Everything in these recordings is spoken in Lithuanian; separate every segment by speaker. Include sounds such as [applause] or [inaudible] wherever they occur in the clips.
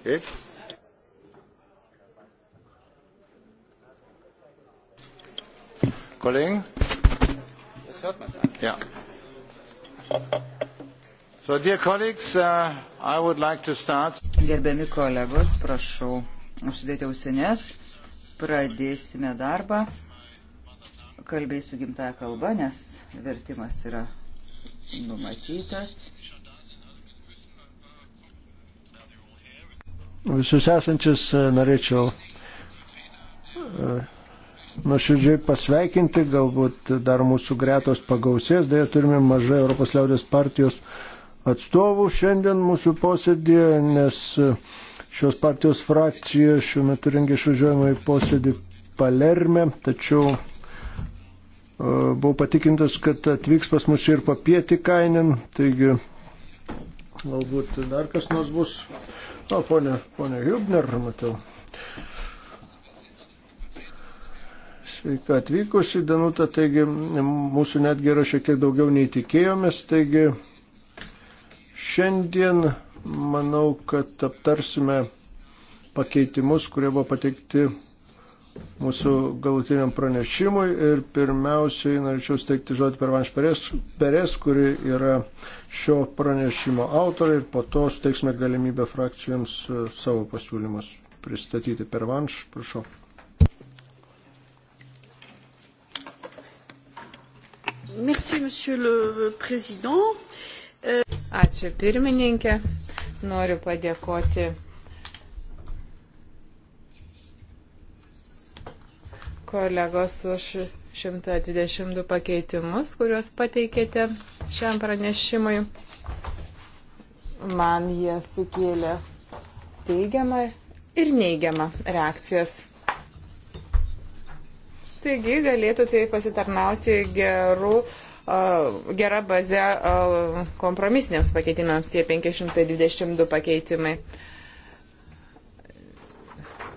Speaker 1: Okay. Kollegen? Das hört man Ja. So, dear colleagues, uh,
Speaker 2: I would like to start. Gerbiami kolegos, prašau užsidėti ausines. Pradėsime darbą. Kalbėsiu gimtąją kalbą, nes vertimas yra numatytas.
Speaker 1: visus esančius e, norėčiau e, nuoširdžiai pasveikinti, galbūt dar mūsų gretos pagausės, dėja turime mažai Europos liaudės partijos atstovų šiandien mūsų posėdėje, nes e, šios partijos frakcija šiuo metu rengia išvažiuojamą į posėdį Palerme, tačiau buvau patikintas, kad atvyks pas mus ir papieti kainin, taigi Galbūt dar kas nors bus. Na, ponė, ponė Hübner, matau. Sveika atvykusi, Danuta, taigi mūsų netgi yra šiek tiek daugiau nei tikėjomės, taigi šiandien manau, kad aptarsime pakeitimus, kurie buvo pateikti mūsų galutiniam pranešimui ir pirmiausiai norėčiau steigti žodį per Vanš Peres, Peres, kuri yra šio pranešimo autorė ir po to steigsime galimybę frakcijoms e, savo pasiūlymus pristatyti per Vanš, prašau.
Speaker 3: Merci, monsieur le président. Ačiū pirmininkė. Noriu padėkoti kolegos už 122 pakeitimus, kuriuos pateikėte šiam pranešimui. Man jie sukėlė teigiamą ir neigiamą reakcijas. Taigi galėtų tai pasitarnauti gerų, gera bazė kompromisiniams pakeitimams tie 522 pakeitimai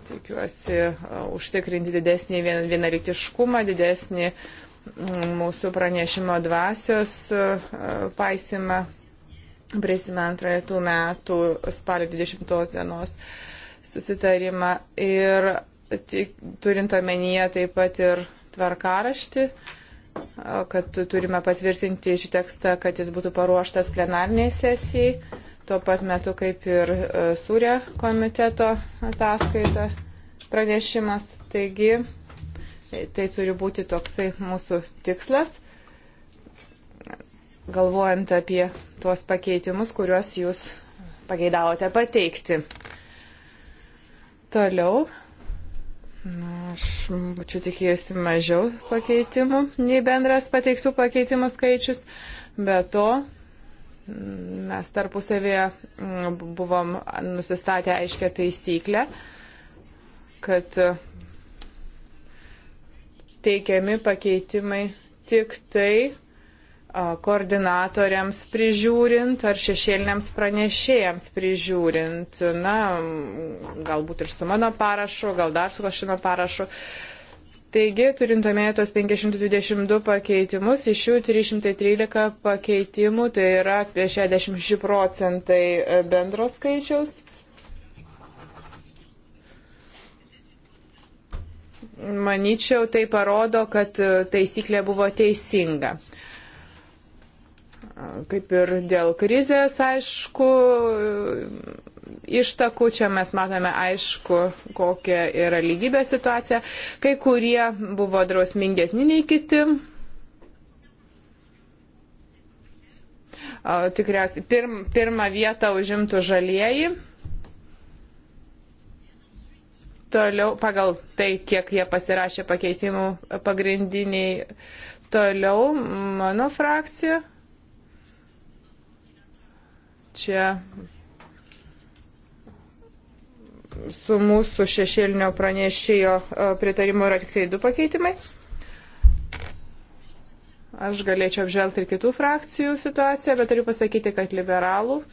Speaker 3: tikiuosi užtikrinti didesnį vienalytiškumą, didesnį mūsų pranešimo dvasios paisimą. Prieisime antrąją tų metų spalio 20 dienos susitarimą ir turint omenyje taip pat ir tvarkaraštį, kad turime patvirtinti šį tekstą, kad jis būtų paruoštas plenarniai sesijai tuo pat metu kaip ir e, Sūrė komiteto ataskaita pranešimas. Taigi, e, tai turi būti toksai mūsų tikslas, galvojant apie tuos pakeitimus, kuriuos jūs pageidavote pateikti. Toliau. Na, aš būčiau tikėjusi mažiau pakeitimų nei bendras pateiktų pakeitimų skaičius, bet to Mes tarpusavėje mm, buvom nusistatę aiškę taisyklę, kad teikiami pakeitimai tik tai koordinatoriams prižiūrint ar šešėliniams pranešėjams prižiūrint. Na, galbūt ir su mano parašu, gal dar su kažkino parašu. Uh, Taigi, turint omenyje tos 522 pakeitimus, iš jų 313 pakeitimų, tai yra apie 66 procentai e, bendro skaičiaus. Maničiau, tai parodo, kad e, taisyklė buvo teisinga kaip ir dėl krizės, aišku, ištakų. Čia mes matome aišku, kokia yra lygybė situacija. Kai kurie buvo drausmingesni nei kiti. Tikriausiai pirm, pirmą vietą užimtų žalieji. Toliau, pagal tai, kiek jie pasirašė pakeitimų pagrindiniai, toliau mano frakcija. Čia su mūsų šešėlinio pranešėjo e, pritarimu yra tik tai du pakeitimai. Aš galėčiau apžvelgti ir kitų frakcijų situaciją, bet turiu pasakyti, kad liberalų e,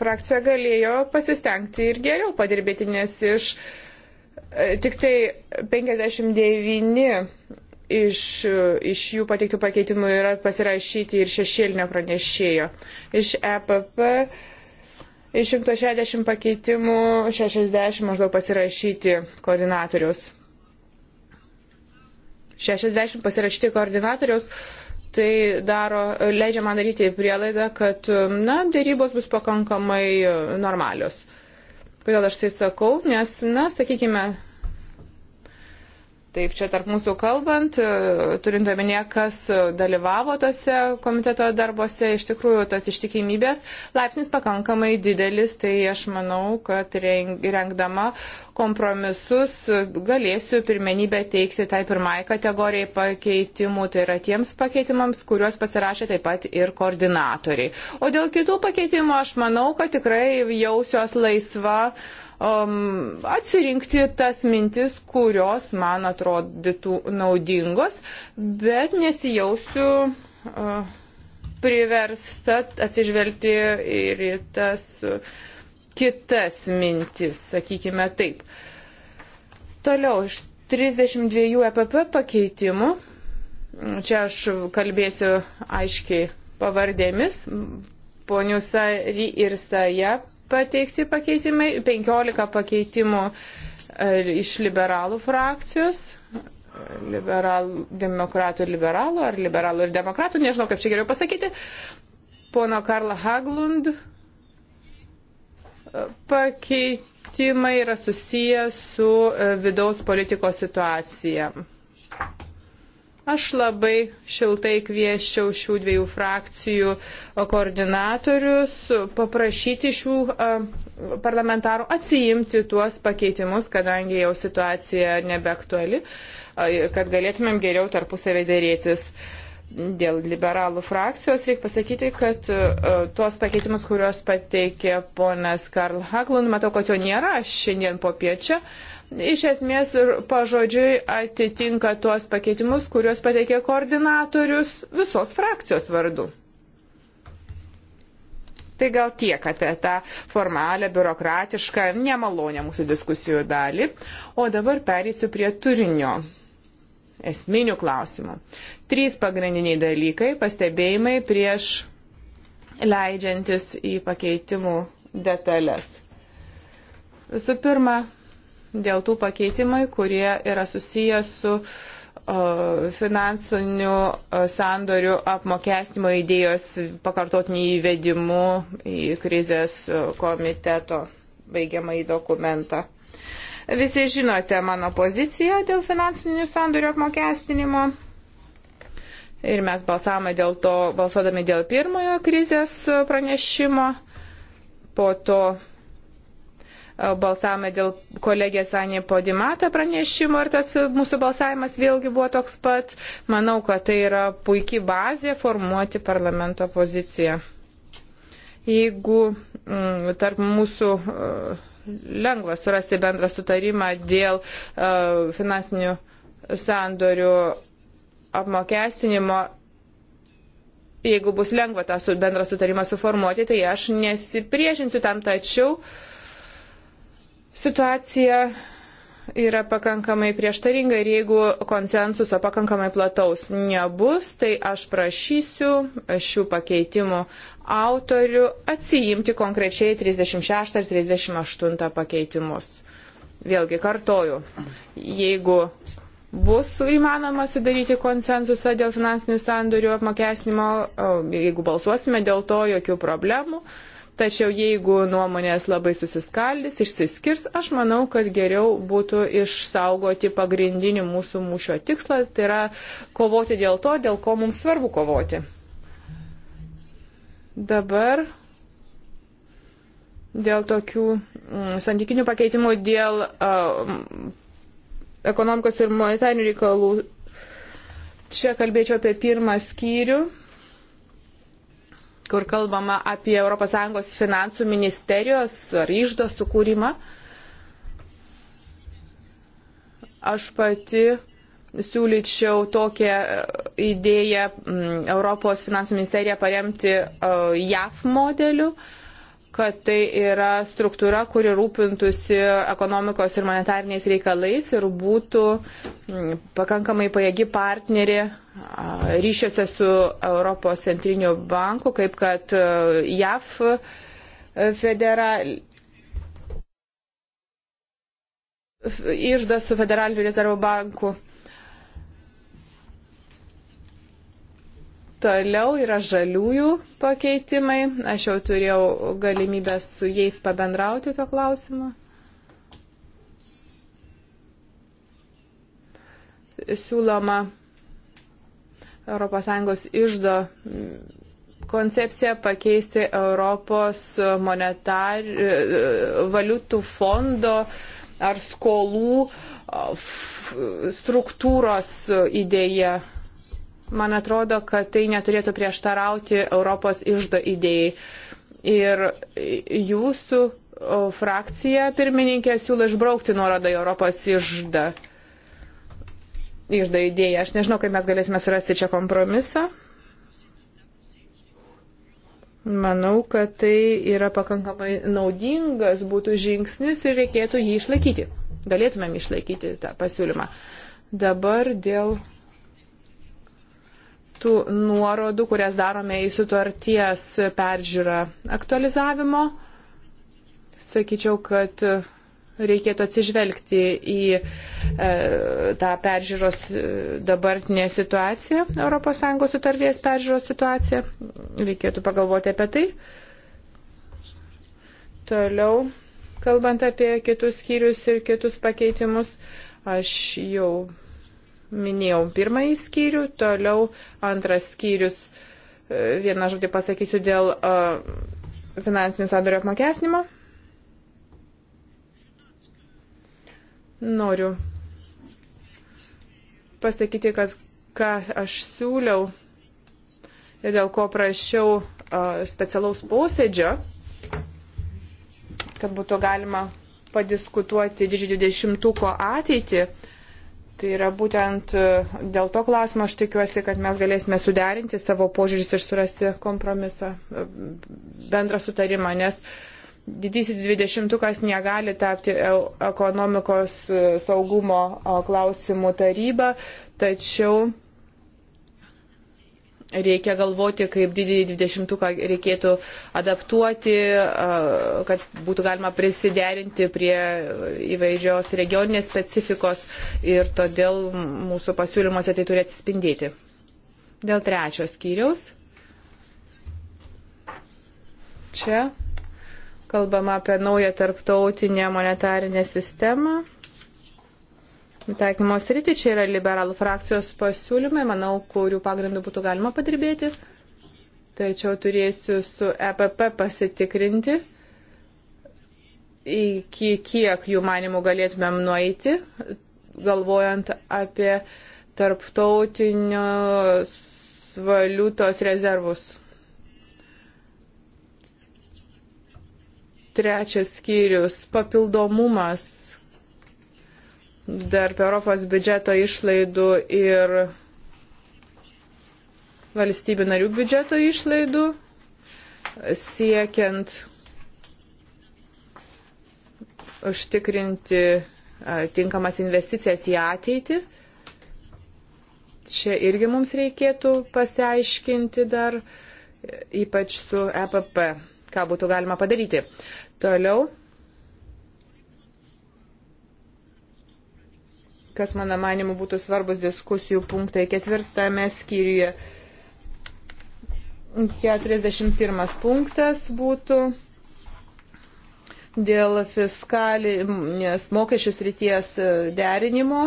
Speaker 3: frakcija galėjo pasistengti ir geriau padirbėti, nes iš e, tik tai 59 iš, iš jų pateiktų pakeitimų yra pasirašyti ir šešėlinio pranešėjo. Iš EPP Iš 160 pakeitimų 60 maždaug pasirašyti koordinatorius. 60 pasirašyti koordinatorius tai daro, leidžia man daryti prielaidą, kad, na, dėrybos bus pakankamai normalios. Kodėl aš tai sakau? Nes, na, sakykime, Taip, čia tarp mūsų kalbant, e, turint omenyje, kas dalyvavo tose komiteto darbuose, iš tikrųjų tos ištikimybės laipsnis pakankamai didelis, tai aš manau, kad rengdama kompromisus galėsiu pirmenybę teikti tai pirmai kategorijai pakeitimų, tai yra tiems pakeitimams, kuriuos pasirašė taip pat ir koordinatoriai. O dėl kitų pakeitimų aš manau, kad tikrai jausios laisva. Uh, um, atsirinkti tas mintis, kurios man atrodytų naudingos, bet nesijausiu. Uh, priversta atsižvelgti ir į tas uh, kitas mintis, sakykime taip. Toliau iš 32 EPP pakeitimų, čia aš kalbėsiu aiškiai pavardėmis, ponių Sari ir Saja pateikti pakeitimai, 15 pakeitimų e, iš liberalų frakcijos, liberalų, demokratų ir liberalų, ar liberalų ir demokratų, nežinau kaip čia geriau pasakyti, pono Karla Haglund e, pakeitimai yra susiję su e, vidaus politikos situacija. Aš labai šiltai kvieščiau šių dviejų frakcijų koordinatorius paprašyti šių e, parlamentarų atsijimti tuos pakeitimus, kadangi jau situacija nebeaktuali, e, kad galėtumėm geriau tarpusavį dėrėtis dėl liberalų frakcijos reikia pasakyti, kad uh, tuos pakeitimus, kuriuos pateikė ponas Karl Haglund, matau, kad jo nėra šiandien po piečio, iš esmės ir pažodžiui atitinka tuos pakeitimus, kuriuos pateikė koordinatorius visos frakcijos vardu. Tai gal tiek apie tą formalią, biurokratišką, nemalonę mūsų diskusijų dalį. O dabar perėsiu prie turinio esminių klausimų. Trys pagrindiniai dalykai - pastebėjimai prieš leidžiantis į pakeitimų detalės. Visų pirma, dėl tų pakeitimai, kurie yra susijęs su finansinių sandorių apmokestimo idėjos pakartotinį įvedimu į krizės komiteto baigiamą į dokumentą. Visi žinote mano poziciją dėl finansinių sandorių apmokestinimo. Ir mes balsavome dėl to, balsuodami dėl pirmojo krizės pranešimo. Po to e, balsavome dėl kolegės Anė Podimata pranešimo ir tas mūsų balsavimas vėlgi buvo toks pat. Manau, kad tai yra puikiai bazė formuoti parlamento poziciją. Jeigu m, mm, tarp mūsų m, e, lengva surasti bendrą sutarimą dėl e, finansinių sandorių apmokestinimo. Jeigu bus lengva tą bendrą sutarimą suformuoti, tai aš nesipriešinsiu tam, tačiau situacija yra pakankamai prieštaringa ir jeigu konsensuso pakankamai plataus nebus, tai aš prašysiu šių pakeitimų autorių atsijimti konkrečiai 36 ir 38 pakeitimus. Vėlgi kartoju, jeigu bus įmanoma sudaryti konsensusą dėl finansinių sandorių apmokesnimo, jeigu balsuosime dėl to, jokių problemų. Uh, Tačiau jeigu nuomonės labai susiskaldys, išsiskirs, aš manau, kad geriau būtų išsaugoti pagrindinį mūsų mūšio tikslą, tai yra kovoti dėl to, dėl ko mums svarbu kovoti. Dabar dėl tokių mm, santykinių pakeitimų, dėl uh, ekonomikos ir monetarinių reikalų. Čia kalbėčiau apie pirmą skyrių kur kalbama apie ES finansų ministerijos ar išdo sukūrimą. Aš pati siūlyčiau tokią e, idėją mm, Europos finansų ministeriją paremti e, JAF modeliu. Uh, kad tai yra struktūra, kuri rūpintųsi ekonomikos ir monetariniais reikalais ir būtų mm, pakankamai pajėgi partnerė ryšiuose su Europos centriniu banku, kaip kad e, JAF e, federal. Išdas su federaliniu rezervų banku. Toliau yra žaliųjų pakeitimai. Aš jau turėjau galimybę su jais pabendrauti to klausimu. Siūloma ES išdo koncepciją pakeisti Europos monetar, valiutų fondo ar skolų struktūros idėją Man atrodo, kad tai neturėtų prieštarauti Europos išdo idėjai. Ir jūsų frakcija pirmininkė siūlo išbraukti nuorodą į Europos išdą. Išdą idėją. Aš nežinau, kaip mes galėsime surasti čia kompromisą. Manau, kad tai yra pakankamai naudingas būtų žingsnis ir reikėtų jį išlaikyti. Galėtumėm išlaikyti tą pasiūlymą. Dabar dėl tų nuorodų, kurias darome į sutarties peržiūrą aktualizavimo. Sakyčiau, kad reikėtų atsižvelgti į e, tą peržiūros e, dabartinę situaciją, ES sutarties peržiūros situaciją. Reikėtų pagalvoti apie tai. Toliau, kalbant apie kitus skyrius ir kitus pakeitimus, aš jau Minėjau pirmąjį skyrių, toliau antras skyrius, e, vieną žodį pasakysiu dėl e, finansinių sandorių apmokesnimo. Noriu pasakyti, kad ką aš siūliau ir dėl ko prašiau e, specialaus posėdžio, kad būtų galima padiskutuoti didžiojo dešimtuko ateitį Tai yra būtent e, dėl to klausimo aš tikiuosi, kad mes galėsime suderinti savo požiūris ir surasti kompromisą, e, bendrą sutarimą, nes didysis dvidešimtukas negali tapti e, ekonomikos saugumo klausimų taryba, tačiau reikia galvoti, kaip didįjį dvidešimtuką reikėtų adaptuoti, kad būtų galima prisiderinti prie įvairios regioninės specifikos ir todėl mūsų pasiūlymuose tai turi atsispindėti. Dėl trečio skyriaus. Čia kalbama apie naują tarptautinę monetarinę sistemą taikymos rytį. Čia yra liberalų frakcijos pasiūlymai, manau, kurių pagrindų būtų galima padirbėti. Tačiau turėsiu su EPP pasitikrinti, iki kiek jų manimų galėtumėm nueiti, galvojant apie tarptautinius valiutos rezervus. Trečias skyrius - papildomumas tarp Europos biudžeto išlaidų ir valstybių narių biudžeto išlaidų, siekiant užtikrinti tinkamas investicijas į ateitį. Čia irgi mums reikėtų pasiaiškinti dar, ypač su EPP, ką būtų galima padaryti. Toliau kas, mano manimu, būtų svarbus diskusijų punktai ketvirtame skyriuje. 41 punktas būtų dėl fiskalinės mokesčių srities e, derinimo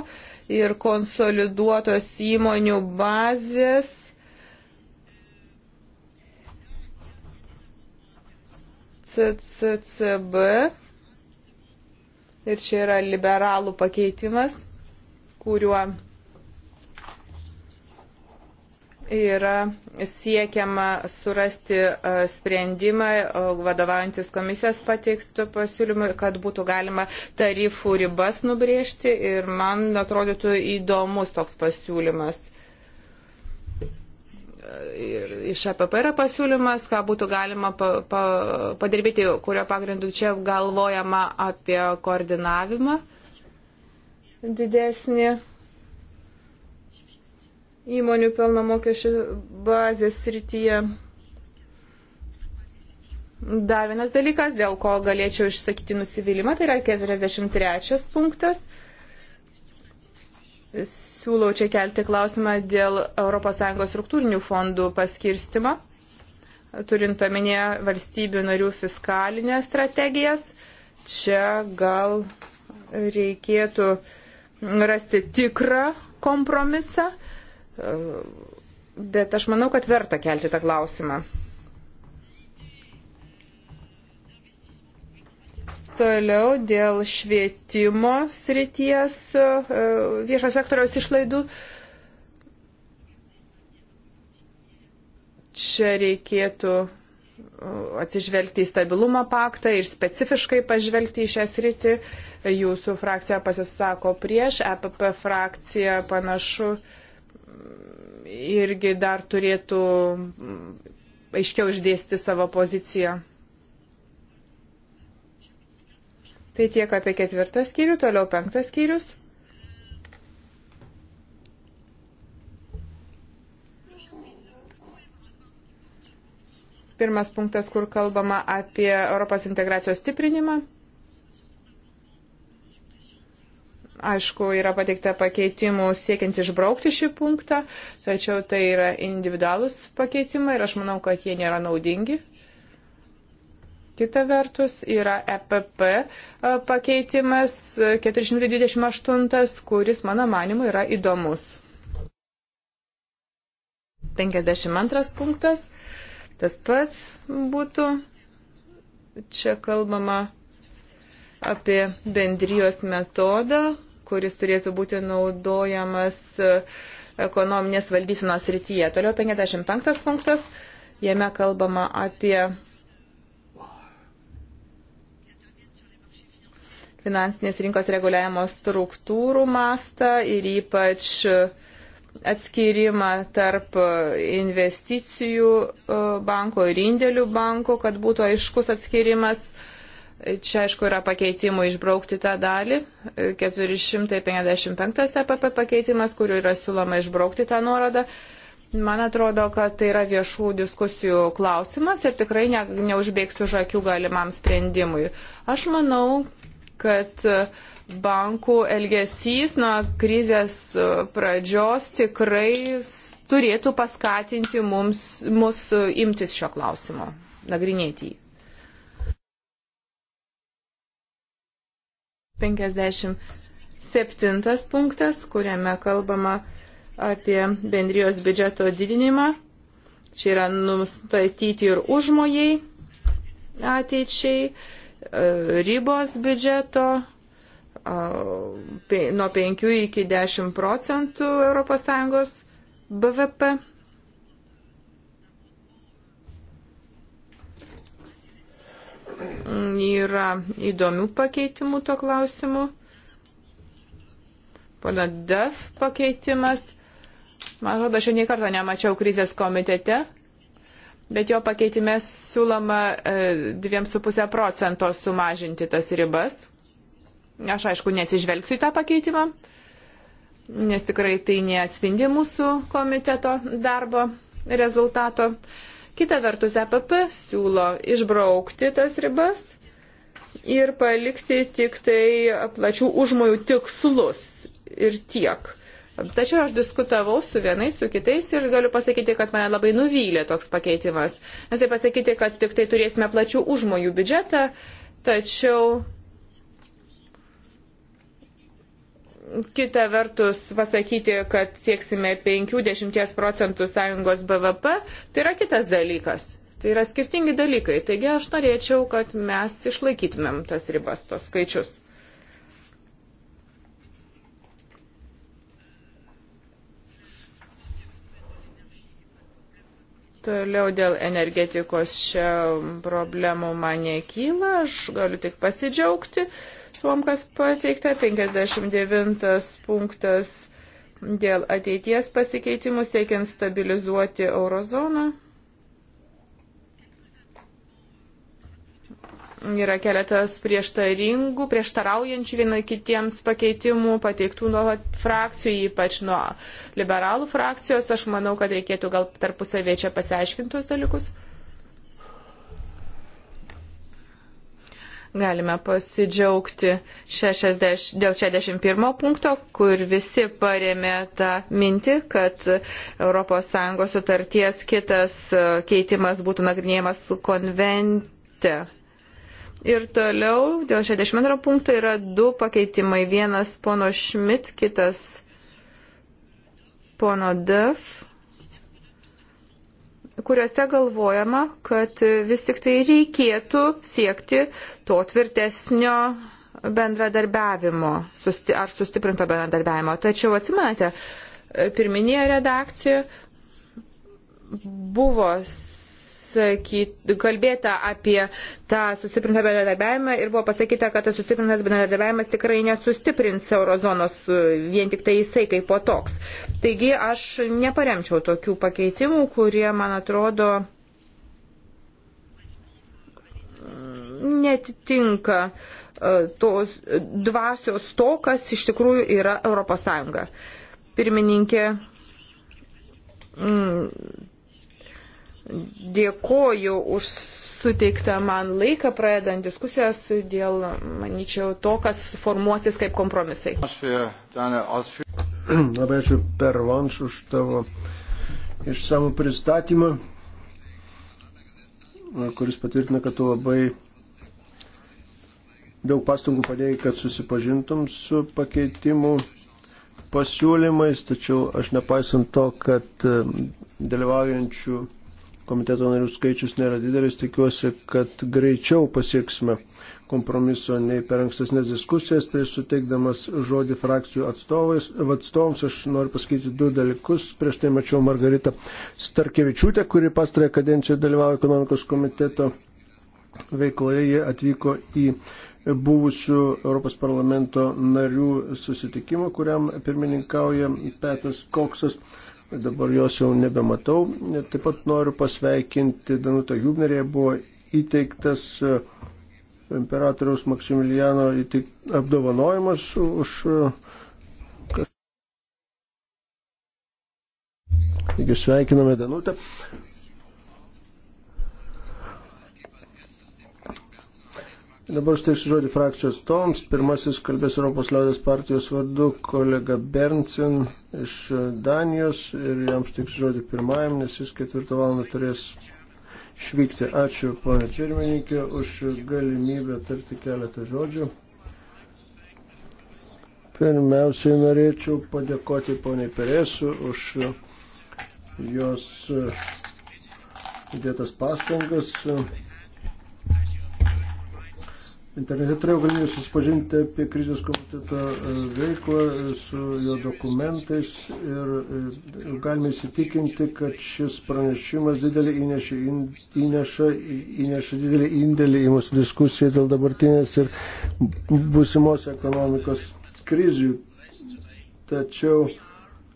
Speaker 3: ir konsoliduotos įmonių bazės CCCB. Ir čia yra liberalų pakeitimas kuriuo yra siekiama surasti e, sprendimą, e, vadovaujantis komisijos pateiktų pasiūlymų, kad būtų galima tarifų ribas nubrėžti ir man atrodytų įdomus toks pasiūlymas. Ir iš APP yra pasiūlymas, ką būtų galima pa, pa, padirbėti, kurio pagrindu čia galvojama apie koordinavimą didesnį įmonių pelno mokesčių bazės srityje. Dar vienas dalykas, dėl ko galėčiau išsakyti nusivylimą, tai yra 43 punktas. Siūlau čia kelti klausimą dėl ES struktūrinių fondų paskirstimo, turint omenyje valstybių narių fiskalinės strategijas. Čia gal reikėtų uh, rasti tikrą kompromisą, bet aš manau, kad verta kelti tą klausimą. Toliau dėl švietimo srities e, viešo sektoriaus išlaidų. Čia reikėtų atsižvelgti į stabilumo paktą ir specifiškai pažvelgti į šią sritį. Jūsų frakcija pasisako prieš, EPP frakcija panašu irgi dar turėtų aiškiau išdėsti savo poziciją. Tai tiek apie ketvirtą skyrių, toliau penktas skyrius. Pirmas punktas, kur kalbama apie Europos integracijos stiprinimą. Aišku, yra pateikta pakeitimų siekiant išbraukti šį punktą, tačiau tai yra individualus pakeitimai ir aš manau, kad jie nėra naudingi. Kita vertus yra EPP e, pakeitimas 428, e, kuris mano manimu yra įdomus. 52 punktas Tas pats būtų, čia kalbama apie bendrijos metodą, kuris turėtų būti naudojamas e, ekonominės valdysinos rytyje. Toliau 55 punktas, jame kalbama apie finansinės rinkos reguliavimo struktūrų mastą ir ypač uh, atskirimą tarp investicijų e, banko ir indėlių banko, kad būtų aiškus atskirimas. Čia, aišku, yra pakeitimų išbraukti tą dalį. 455 e, EPP pakeitimas, kuriuo yra siūloma išbraukti tą nuorodą. Man atrodo, kad tai yra viešų diskusijų klausimas ir tikrai ne, neužbėgsiu žakių galimam sprendimui. Aš manau, kad bankų elgesys nuo krizės pradžios tikrai turėtų paskatinti mums, mus imtis šio klausimo, nagrinėti jį. 57 punktas, kuriame kalbama apie bendrijos biudžeto didinimą. Čia yra nustatyti ir užmojai ateičiai ribos biudžeto nuo 5 iki 10 procentų ES BVP. Mm, yra įdomių pakeitimų to klausimu. Pana DEF pakeitimas. Man atrodo, aš jau nei kartą nemačiau krizės komitete bet jo pakeitime siūloma 2,5 e, procento sumažinti tas ribas. Aš aišku, neatsižvelgsiu į tą pakeitimą, nes tikrai tai neatspindi mūsų komiteto darbo rezultato. Kita vertus, EPP siūlo išbraukti tas ribas ir palikti tik tai plačių užmojų tikslus ir tiek. Tačiau aš diskutavau su vienais, su kitais ir galiu pasakyti, kad mane labai nuvylė toks pakeitimas. Nes tai pasakyti, kad tik tai turėsime plačių užmojų biudžetą, tačiau kita vertus pasakyti, kad sieksime 50 procentų sąjungos BVP, tai yra kitas dalykas. Tai yra skirtingi dalykai. Taigi aš norėčiau, kad mes išlaikytumėm tas ribas, tos skaičius. Toliau dėl energetikos čia problemų man nekyla, aš galiu tik pasidžiaugti tuom, kas pateikta. 59 punktas dėl ateities pasikeitimus, teikiant stabilizuoti eurozoną. Yra keletas prieštaringų, prieštaraujančių viena kitiems pakeitimų pateiktų nuo frakcijų, ypač nuo liberalų frakcijos. Aš manau, kad reikėtų gal tarpusavė čia pasiaiškintus dalykus. galime pasidžiaugti 60, dėl 61 punkto, kur visi paremė tą mintį, kad ES sutarties kitas e, keitimas būtų nagrinėjamas su konvente. Ir toliau dėl 62 punkto yra du pakeitimai. Vienas pono Šmit, kitas pono Def, kuriuose galvojama, kad vis tik tai reikėtų siekti to tvirtesnio bendradarbiavimo ar sustiprinto bendradarbiavimo. Tačiau atsimenate, pirminėje redakcijoje buvo pasakyt, kalbėta apie tą sustiprintą bendradarbiavimą ir buvo pasakyta, kad tas sustiprintas bendradarbiavimas tikrai nesustiprins eurozonos vien tik tai jisai kaip po toks. Taigi aš neparemčiau tokių pakeitimų, kurie, man atrodo, netitinka e, tos dvasios to, kas iš tikrųjų yra ES. Pirmininkė, mm, dėkoju už suteiktą man laiką, pradedant diskusijas dėl, manyčiau, to, kas formuosis kaip kompromisai.
Speaker 1: Labai ačiū per vanš už tavo išsamų pristatymą, kuris patvirtina, kad tu labai daug pastangų padėjai, kad susipažintum su pakeitimu pasiūlymais, tačiau aš nepaisant to, kad e, dalyvaujančių komiteto narių skaičius nėra didelis, tikiuosi, kad greičiau pasieksime kompromiso nei per ankstesnės diskusijas. Prieš suteikdamas žodį frakcijų atstovais, atstovams aš noriu pasakyti du dalykus. Prieš tai mačiau Margaritą Starkevičiūtę, kuri pastarąją kadenciją dalyvavo ekonomikos komiteto veikloje. Jie atvyko į buvusių Europos parlamento narių susitikimą, kuriam pirmininkauja Petras Koksas dabar jos jau nebematau. Taip pat noriu pasveikinti Danutą Jubnerį, buvo įteiktas e, imperatoriaus Maksimilijano įteik... apdovanojimas už. E, Taigi sveikiname Danutę. Dabar steiksiu žodį frakcijos toms. Pirmasis kalbės Europos liaudės partijos vardu kolega Berncin iš Danijos ir jam steiksiu žodį pirmajam, nes jis ketvirtą valandą turės išvykti. Ačiū, ponė pirmininkė, už galimybę tarti keletą žodžių. Pirmiausiai norėčiau padėkoti poniai Peresu už jos įdėtas pastangas Internete turėjau galimybę susipažinti apie krizės komiteto e, veiklą e, su jo dokumentais ir e, galime įsitikinti, kad šis pranešimas didelį įneša, įneša, įneša didelį indėlį į mūsų diskusiją dėl dabartinės ir būsimos ekonomikos krizių. Tačiau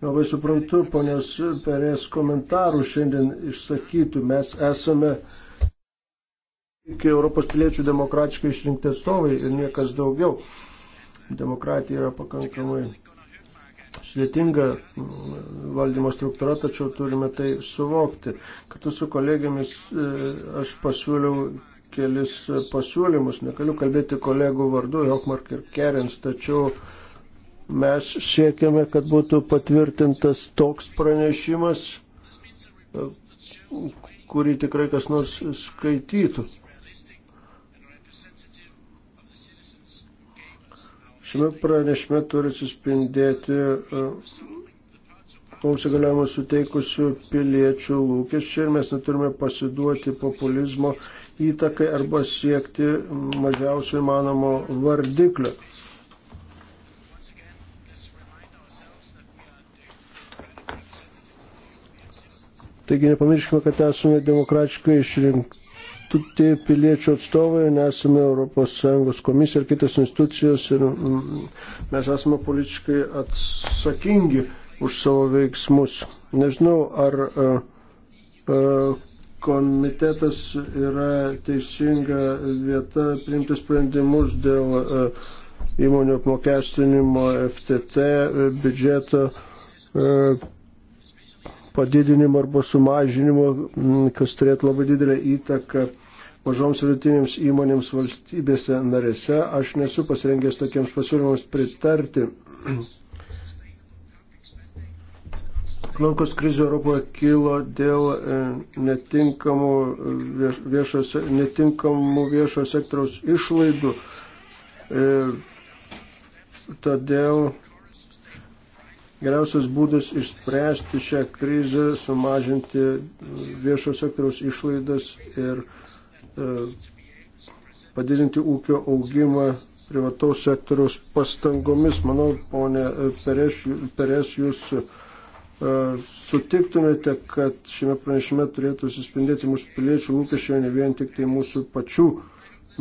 Speaker 1: labai suprantu, ponios Perės komentarų šiandien išsakytų, mes esame uh, iki Europos piliečių demokratiškai išrinkti atstovai ir niekas daugiau. Demokratija yra pakankamai sudėtinga valdymo struktūra, tačiau turime tai suvokti. Kartu su kolegėmis e, aš pasiūliau kelis pasiūlymus, negaliu kalbėti kolegų vardu, Jokmark ir Kerins, tačiau mes siekiame, kad būtų patvirtintas toks pranešimas, kurį tikrai kas nors skaitytų. Šiame pranešime turi atsispindėti e, mums įgaliojimą suteikusių piliečių lūkesčiai ir mes neturime pasiduoti populizmo įtakai arba siekti mažiausio įmanomo vardiklio. Taigi nepamirškime, kad esame demokratiškai išrinkti tie piliečių atstovai, nesame ES komisija ir kitas institucijos ir mm, mes esame politiškai atsakingi už savo veiksmus. Nežinau, ar a, e, a, e, komitetas yra teisinga vieta priimti sprendimus dėl a, e, įmonių apmokestinimo, FTT, biudžeto padidinimo arba sumažinimo, mm, kas turėtų labai didelę įtaką mažoms vidutinėms įmonėms valstybėse narėse. Aš nesu pasirengęs tokiems pasiūlymams pritarti. Ekonomikos [clears throat] krizė Europoje kilo dėl e, netinkamų e, viešo, netinkamų viešo sektoriaus išlaidų. E, todėl Geriausias būdas išspręsti šią krizę, sumažinti uh, viešo sektoriaus išlaidas ir e, padidinti ūkio augimą privataus sektoriaus pastangomis. Manau, ponė Peres, uh, Peres jūs e, sutiktumėte, kad šiame pranešime turėtų suspindėti mūsų piliečių lūkesčiai, ne vien tik tai mūsų pačių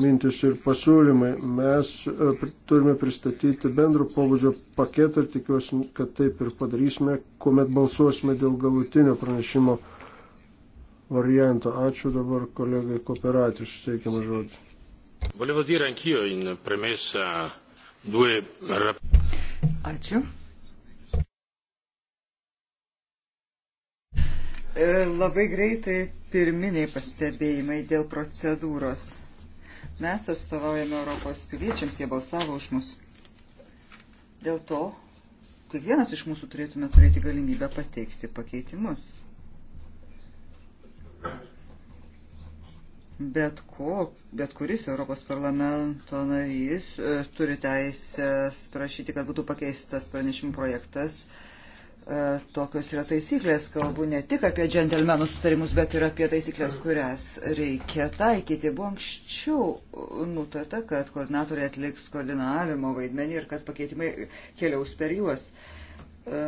Speaker 1: mintis ir pasiūlymai. Mes e, turime pristatyti bendrų pobūdžio paketą ir tikiuosi, kad taip ir padarysime, kuomet balsuosime dėl galutinio pranešimo varianto. Ačiū dabar kolegai kooperacijos suteikiamą žodį.
Speaker 2: Volevo dire anch'io in premessa due Ačiū. E, labai greitai pirminiai pastebėjimai dėl procedūros. Mes atstovaujame Europos piliečiams, jie balsavo už mus. Dėl to kiekvienas iš mūsų turėtume turėti galimybę pateikti pakeitimus. Bet, ko, bet kuris Europos parlamento narys e, turi teisę prašyti, kad būtų pakeistas pranešimų projektas e, E, tokios yra taisyklės, kalbu ne tik apie džentelmenų sutarimus, bet ir apie taisyklės, kurias reikia taikyti. Buvo anksčiau nutarta, kad koordinatoriai atliks koordinavimo vaidmenį ir kad pakeitimai keliaus per juos. E,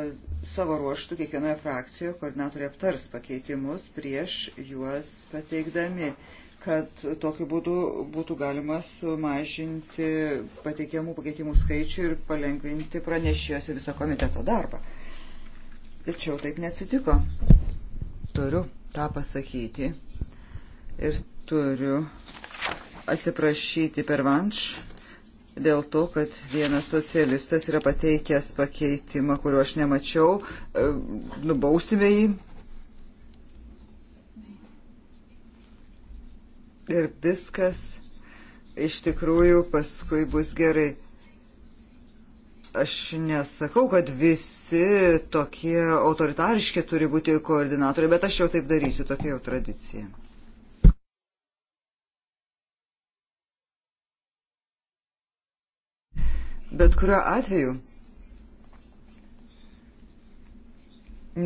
Speaker 2: savo ruoštų kiekvienoje frakcijoje koordinatoriai aptars pakeitimus prieš juos pateikdami kad tokiu būdu būtų galima sumažinti pateikiamų pakeitimų skaičių ir palengvinti pranešėjos ir viso komiteto darbą. Tačiau taip neatsitiko. Turiu tą pasakyti ir turiu atsiprašyti per vanš dėl to, kad vienas socialistas yra pateikęs pakeitimą, kurio aš nemačiau. E, nubausime jį. Ir viskas iš tikrųjų paskui bus gerai. Aš nesakau, kad visi tokie autoritariški turi būti koordinatoriai, bet aš jau taip darysiu, tokia jau tradicija. Bet kuriuo atveju,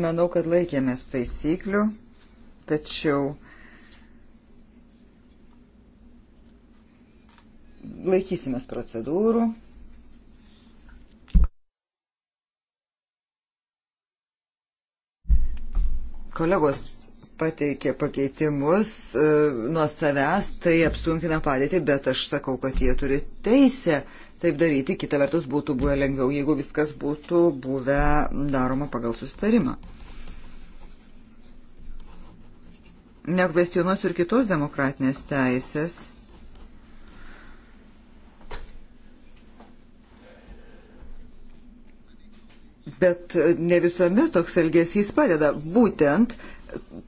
Speaker 2: manau, kad laikėmės taisyklių, tačiau laikysimės procedūrų. kolegos pateikė pakeitimus e, nuo savęs, tai apsunkina padėtį, bet aš sakau, kad jie turi teisę taip daryti. Kita vertus būtų buvę lengviau, jeigu viskas būtų buvę daroma pagal susitarimą. Nekvestionuosiu ir kitos demokratinės teisės bet ne visuomet toks elgesys padeda. Būtent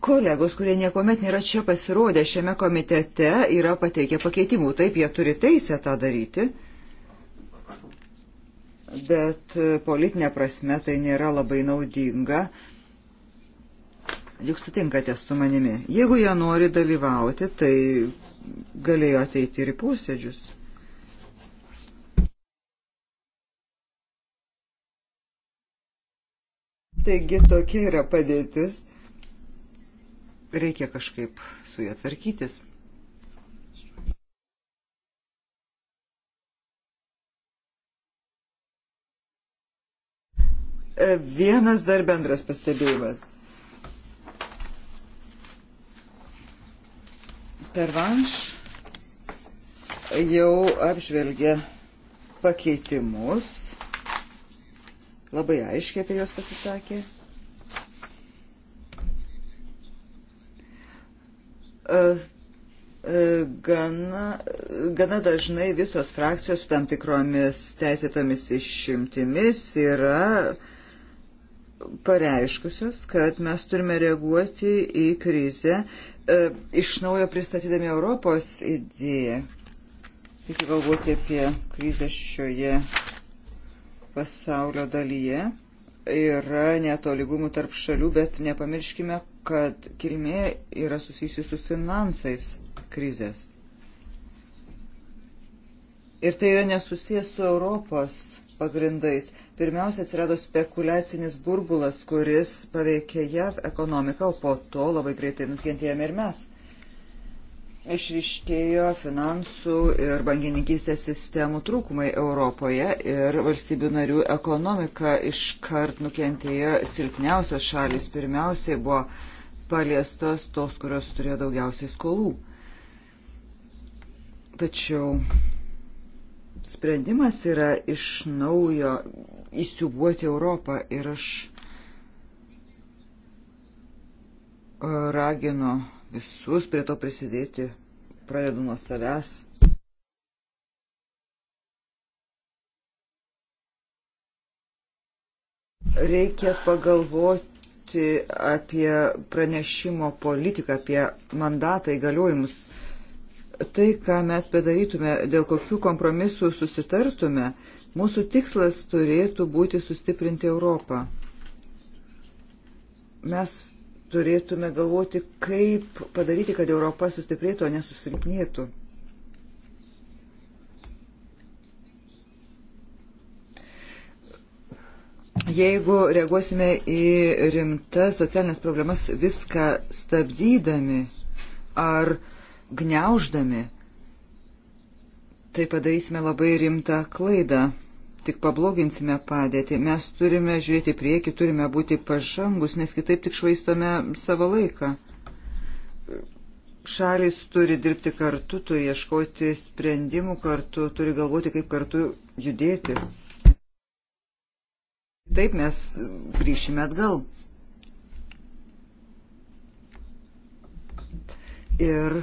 Speaker 2: kolegos, kurie niekuomet nėra čia pasirodę šiame komitete, yra pateikę pakeitimų. Taip, jie turi teisę tą daryti, bet politinė prasme tai nėra labai naudinga. Juk sutinkate su manimi. Jeigu jie nori dalyvauti, tai galėjo ateiti ir į posėdžius. Taigi tokia yra padėtis. Reikia kažkaip su ją tvarkytis. Vienas dar bendras pastebėjimas. Pervanš jau apžvelgia pakeitimus labai aiškiai apie juos pasisakė. E, e, gana, gana dažnai visos frakcijos su tam tikromis teisėtomis išimtimis yra pareiškusios, kad mes turime reaguoti į krizę e, iš naujo pristatydami Europos idėją. Reikia galvoti apie krizę šioje pasaulio dalyje yra netolygumų tarp šalių, bet nepamirškime, kad kilmė yra susijusi su finansais krizės. Ir tai yra nesusijęs su Europos pagrindais. Pirmiausia, atsirado spekulacinis burbulas, kuris paveikė JAV ekonomiką, o po to labai greitai nukentėjome ir mes. Išriškėjo finansų ir bankininkystės sistemų trūkumai Europoje ir valstybių narių ekonomika iškart nukentėjo silpniausios šalis. Pirmiausiai buvo paliestos tos, kurios turėjo daugiausiai skolų. Tačiau sprendimas yra iš naujo įsiubuoti Europą ir aš raginu visus prie to prisidėti. Pradedu nuo savęs. Reikia pagalvoti apie pranešimo politiką, apie mandatą įgaliojimus. Tai, ką mes bedarytume, dėl kokių kompromisų susitartume, mūsų tikslas turėtų būti sustiprinti Europą. Mes turėtume galvoti, kaip padaryti, kad Europa sustiprėtų, o nesusilpnėtų. Jeigu reaguosime į rimtas socialinės problemas viską stabdydami ar gneuždami, tai padarysime labai rimtą klaidą tik pabloginsime padėtį. Mes turime žiūrėti prieki, turime būti pažangus, nes kitaip tik švaistome savo laiką. Šalis turi dirbti kartu, turi ieškoti sprendimų kartu, turi galvoti, kaip kartu judėti. Taip mes grįšime atgal. Ir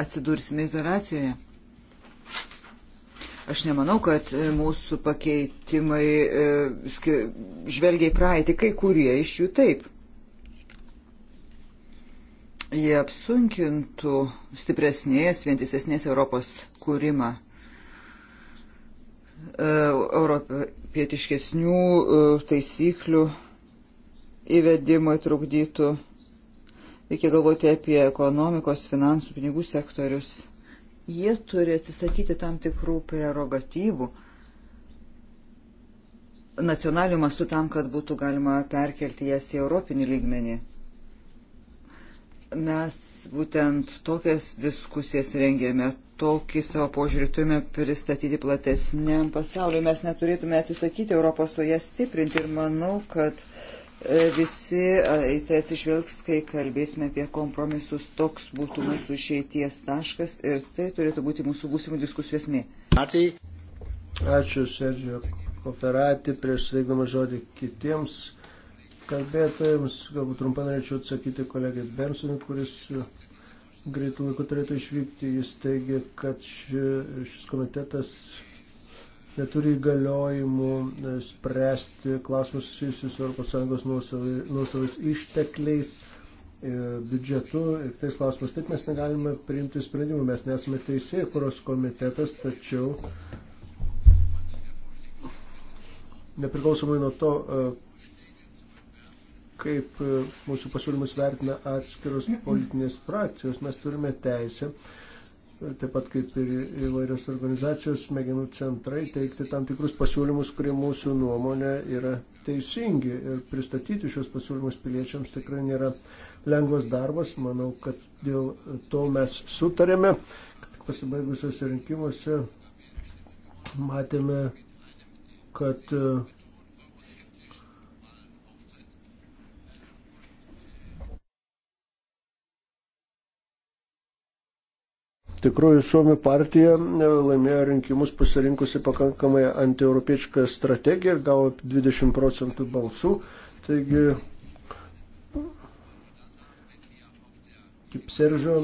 Speaker 2: atsidursime izolacijoje. Aš nemanau, kad e, mūsų pakeitimai e, žvelgia į praeitį, kai kurie iš jų taip. Jie apsunkintų stipresnės, vientisesnės Europos kūrimą. E, europietiškesnių taisyklių įvedimui trukdytų. Reikia galvoti apie ekonomikos, finansų, pinigų sektorius jie turi atsisakyti tam tikrų prerogatyvų nacionaliniu mastu tam, kad būtų galima perkelti jas į europinį lygmenį. Mes būtent tokias diskusijas rengėme, tokį savo požiūrį turime pristatyti platesniam pasauliu. Mes neturėtume atsisakyti Europos, o ją stiprinti. Ir manau, kad uh, E, visi į tai atsižvelgs, kai kalbėsime apie kompromisus. Toks būtų mūsų išeities taškas ir tai turėtų būti
Speaker 1: mūsų būsimų diskusijų esmė. Ačiū, Sergio Koferati, prieš sveikdama žodį kitiems kalbėtojams. Galbūt trumpai norėčiau atsakyti kolegai Bensonui, kuris e, greitų laiku turėtų išvykti. Jis teigia, kad šis komitetas neturi įgaliojimų e, spręsti klausimus susijusius su ES nuosavais ištekliais, e, biudžetu ir tais klausimus. Taip mes negalime priimti sprendimų, mes nesame teisėjai, kurios komitetas, tačiau nepriklausomai nuo to, e, kaip mūsų pasiūlymus vertina atskiros politinės frakcijos, mes turime teisę taip pat kaip ir įvairios organizacijos, smegenų centrai, teikti tam tikrus pasiūlymus, kurie mūsų nuomonė yra teisingi. Ir pristatyti šios pasiūlymus piliečiams tikrai nėra lengvas darbas. Manau, kad dėl to mes sutarėme, kad pasibaigusiuose rinkimuose matėme, kad uh, tikrųjų, Suomių partija e, laimėjo rinkimus pasirinkusi pakankamai antieuropiečią strategiją ir gavo 20 procentų balsų. Taigi, kaip Seržio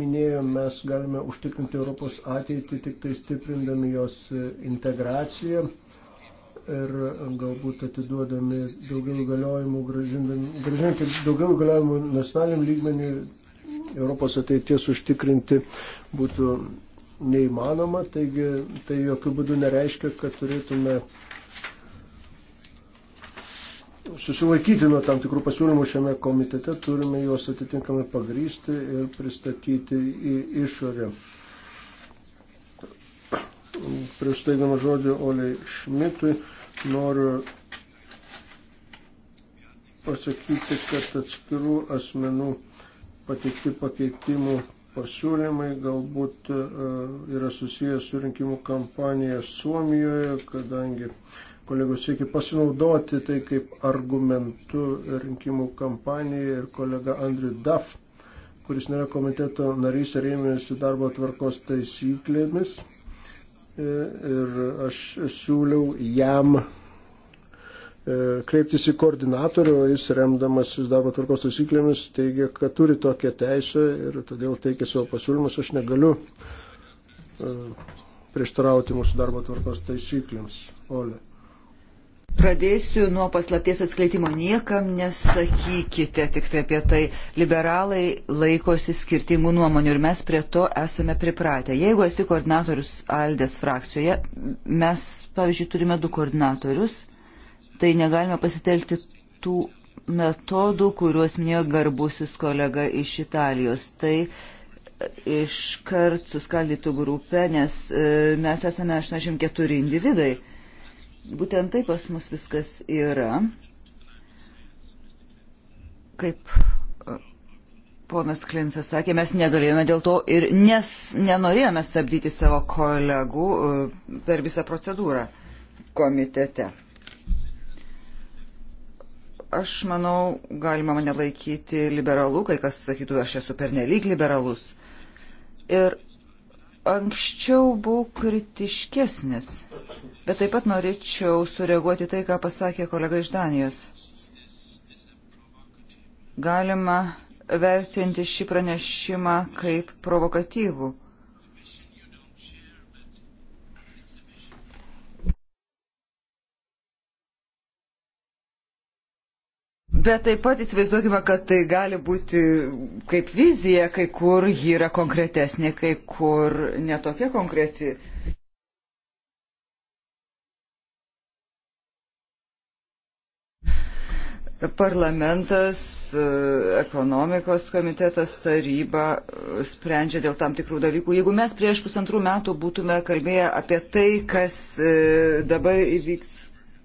Speaker 1: minėjo, mes galime užtikrinti Europos ateitį tik tai stiprindami jos e, integraciją ir galbūt atiduodami daugiau galiojimų, gražinti daugiau galiojimų nacionaliniam lygmenį, Europos ateities užtikrinti būtų neįmanoma, taigi tai jokių būdų nereiškia, kad turėtume susilaikyti nuo tam tikrų pasiūlymų šiame komitete, turime juos atitinkamai pagrysti ir pristatyti į išorę. Prieš teigdama tai žodį Oliai Šmitui noriu pasakyti, kad atskirų asmenų pateikti pakeitimų pasiūlymai galbūt e, yra susijęs su rinkimų kampanija Suomijoje, kadangi kolegos siekia pasinaudoti tai kaip argumentu rinkimų kampanijoje ir kolega Andriu Daf, kuris nėra komiteto narys, rėmėsi darbo tvarkos taisyklėmis. E, ir aš siūliau jam E, kreiptis į koordinatorių, jis remdamas vis darbo tvarkos taisyklėmis teigia, kad turi tokią teisę ir todėl teikia savo pasiūlymus, aš negaliu e, prieštarauti mūsų darbo tvarkos taisyklėms. Ole.
Speaker 2: Pradėsiu nuo paslapties atskleidimo. Niekam nesakykite tik tai apie tai. Liberalai laikosi skirtingų nuomonių ir mes prie to esame pripratę. Jeigu esi koordinatorius Aldės frakcijoje, mes, pavyzdžiui, turime du koordinatorius tai negalime pasitelkti tų metodų, kuriuos minėjo garbusis kolega iš Italijos. Tai e, iškart suskaldytų grupę, nes e, mes esame 84 individai. Būtent taip pas mus viskas yra. Kaip e, ponas Klinsas sakė, mes negalėjome dėl to ir nes, nenorėjome stabdyti savo kolegų per visą procedūrą komitete. Aš manau, galima mane laikyti liberalu, kai kas sakytų, aš esu pernelyg liberalus. Ir anksčiau buvau kritiškesnis, bet taip pat norėčiau sureaguoti tai, ką pasakė kolega iš Danijos. Galima vertinti šį pranešimą kaip provokatyvų. Bet taip pat įsivaizduokime, kad tai gali būti kaip vizija, kai kur ji yra konkretesnė, kai kur netokia konkreti. Parlamentas, ekonomikos komitetas, taryba sprendžia dėl tam tikrų dalykų. Jeigu mes prieš pusantrų metų būtume kalbėję apie tai, kas e, dabar įvyks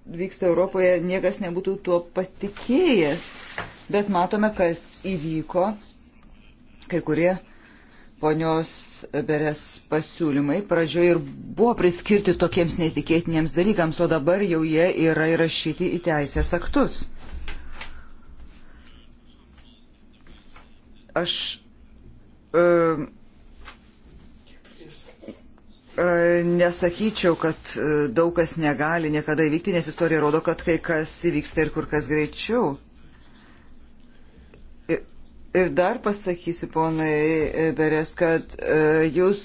Speaker 2: vyksta Europoje, niekas nebūtų tuo patikėjęs. Bet matome, kas įvyko. Kai kurie ponios Berės pasiūlymai pradžioje ir buvo priskirti tokiems netikėtiniams dalykams, o dabar jau jie yra įrašyti į teisės aktus. Aš. Uh, e, E, nesakyčiau, kad e, daug kas negali niekada įvykti, nes istorija rodo, kad kai kas įvyksta ir kur kas greičiau. Ir dar pasakysiu, ponai Berės, kad e, jūs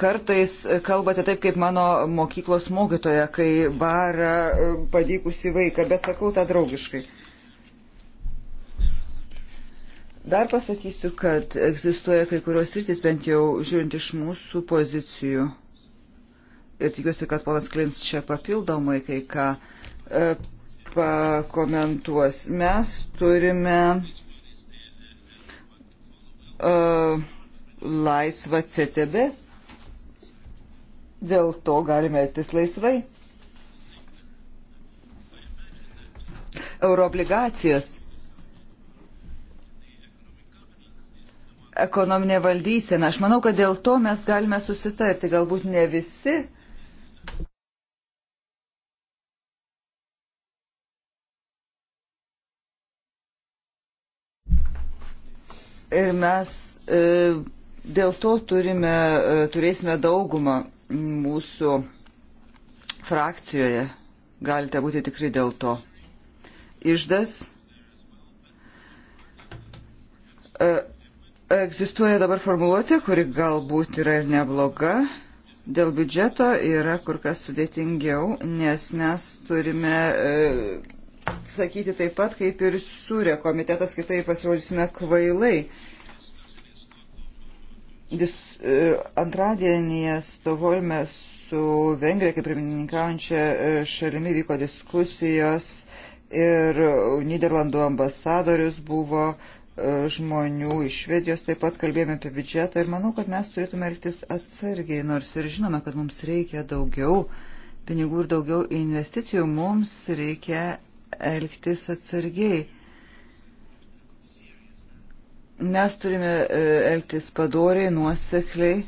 Speaker 2: kartais kalbate taip, kaip mano mokyklos mokytoja, kai bara padykusi vaiką, bet sakau tą draugiškai. Dar pasakysiu, kad egzistuoja kai kurios rytis, bent jau žiūrint iš mūsų pozicijų ir tikiuosi, kad ponas Klins čia papildomai kai ką e, pakomentuos. Mes turime e, laisvą CTB, dėl to galime elgtis laisvai. Euroobligacijos ekonominė valdysena. Aš manau, kad dėl to mes galime susitarti. Galbūt ne visi Ir mes e, dėl to turime, e, turėsime daugumą mūsų frakcijoje. Galite būti tikri dėl to. Išdas e, egzistuoja dabar formuluotė, kuri galbūt yra ir nebloga. Dėl biudžeto yra kur kas sudėtingiau, nes mes turime sakyti taip pat, kaip ir sūrė komitetas, kitai pasirodysime kvailai. Dis, e, antradienį Stoholme su Vengrija, kaip pirmininkaujančia e, šalimi, vyko diskusijos ir Niderlandų ambasadorius buvo e, žmonių iš Švedijos, taip pat kalbėjome apie biudžetą ir manau, kad mes turėtume elgtis atsargiai, nors ir žinome, kad mums reikia daugiau pinigų ir daugiau investicijų, mums reikia elgtis atsargiai. Mes turime e, elgtis padoriai, nuosekliai.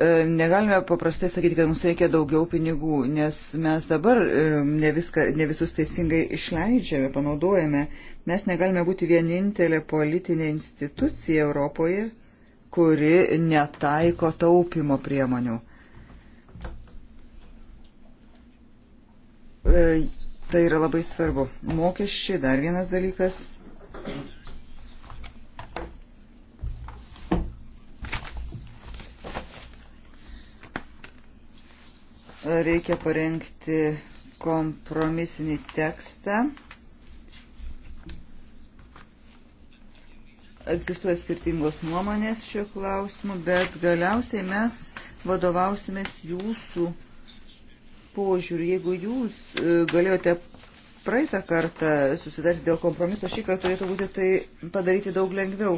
Speaker 2: E, negalime paprastai sakyti, kad mums reikia daugiau pinigų, nes mes dabar e, ne, viską, ne visus teisingai išleidžiame, panaudojame. Mes negalime būti vienintelė politinė institucija Europoje, kuri netaiko taupimo priemonių E, tai yra labai svarbu. Mokesčiai, dar vienas dalykas. Reikia parengti kompromisinį tekstą. Egzistuoja skirtingos nuomonės šiuo klausimu, bet galiausiai mes vadovausimės jūsų požiūrių. Jeigu jūs e, galėjote praeitą kartą susidarti dėl kompromiso, šį kartą turėtų būti tai padaryti daug lengviau.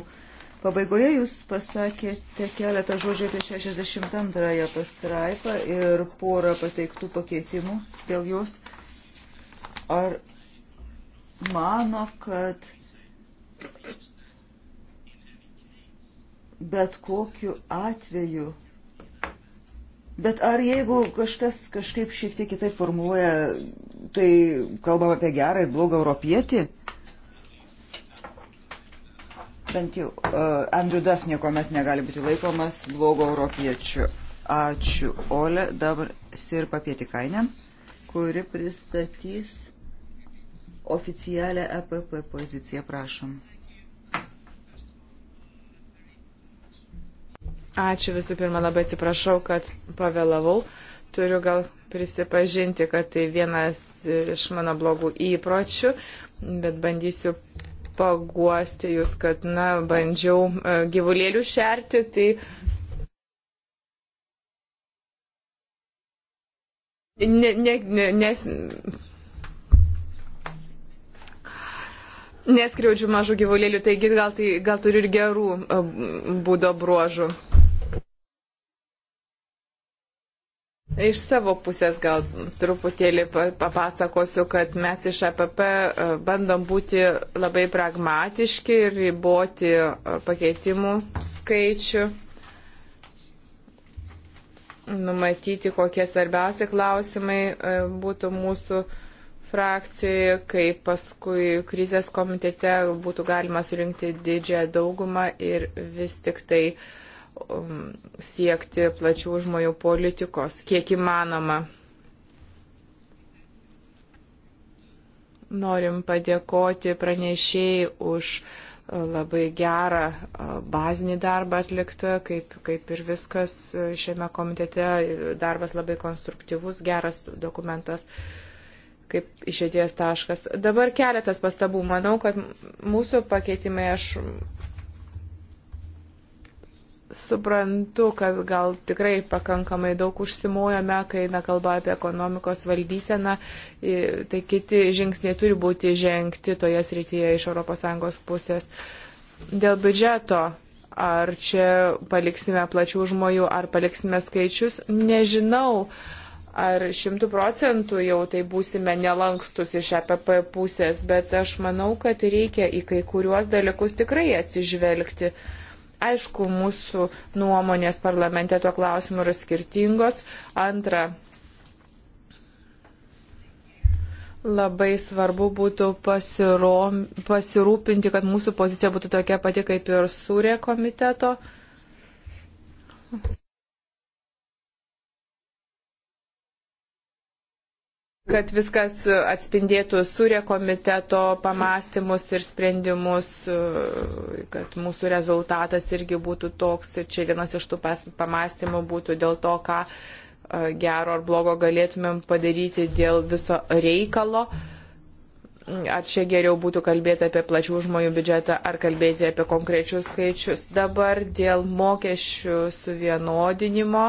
Speaker 2: Pabaigoje jūs pasakėte keletą žodžių apie 62 pastraipą ir porą pateiktų pakeitimų dėl jos. Ar mano, kad bet kokiu atveju Bet ar jeigu kažkas kažkaip šiek tiek kitaip formuluoja, tai kalbam apie gerą ir blogą europietį? Bent jau uh, Andrew Duff niekuomet negali būti laikomas blogo europiečiu. Ačiū, Ole. Dabar Sirpa Pietikainė, kuri pristatys oficialią EPP poziciją. Prašom. Ačiū
Speaker 3: visų pirma, labai atsiprašau, kad pavėlavau. Turiu gal prisipažinti, kad tai vienas iš mano blogų įpročių, bet bandysiu paguosti jūs, kad, na, bandžiau e, gyvulėlių šerti, tai. Ne, ne, ne, nes... Neskriaudžiu mažų gyvulėlių, taigi gal, tai, gal turiu ir gerų e, būdo bruožų. Iš savo pusės gal truputėlį papasakosiu, kad mes iš APP e, bandom būti labai pragmatiški ir riboti e, pakeitimų skaičių, numatyti, kokie svarbiausi klausimai e, būtų mūsų frakcijoje, kaip paskui krizės komitete būtų galima surinkti didžiąją daugumą ir vis tik tai uh, Um, siekti plačių žmonių politikos, kiek įmanoma. Norim padėkoti pranešėjai už uh, labai gerą uh, bazinį darbą atliktą, kaip, kaip ir viskas uh, šiame komitete. Darbas labai konstruktyvus, geras dokumentas kaip išėties taškas. Dabar keletas pastabų. Manau, kad mūsų pakeitimai, aš suprantu, kad gal tikrai pakankamai daug užsimojame, kai eina kalba apie ekonomikos valdyseną, tai kiti žingsniai turi būti žengti toje srityje iš ES pusės. Dėl biudžeto, ar čia paliksime plačių žmonių, ar paliksime skaičius, nežinau. Ar šimtų procentų jau tai būsime nelankstus iš EPP pusės, bet aš manau, kad reikia į kai kuriuos dalykus tikrai atsižvelgti. Uh, Aišku, mūsų nuomonės parlamente tuo klausimu yra skirtingos. Antra, labai svarbu būtų pasiro, pasirūpinti, kad mūsų pozicija būtų tokia pati kaip ir surė komiteto. kad viskas atspindėtų surė komiteto pamastymus ir sprendimus, kad mūsų rezultatas irgi būtų toks. Ir čia vienas iš tų pamastymų būtų dėl to, ką e, gero ar blogo galėtumėm padaryti dėl viso reikalo. Ar čia geriau būtų kalbėti apie plačių žmonių biudžetą, ar kalbėti apie konkrečius skaičius. Dabar dėl mokesčių suvienodinimo,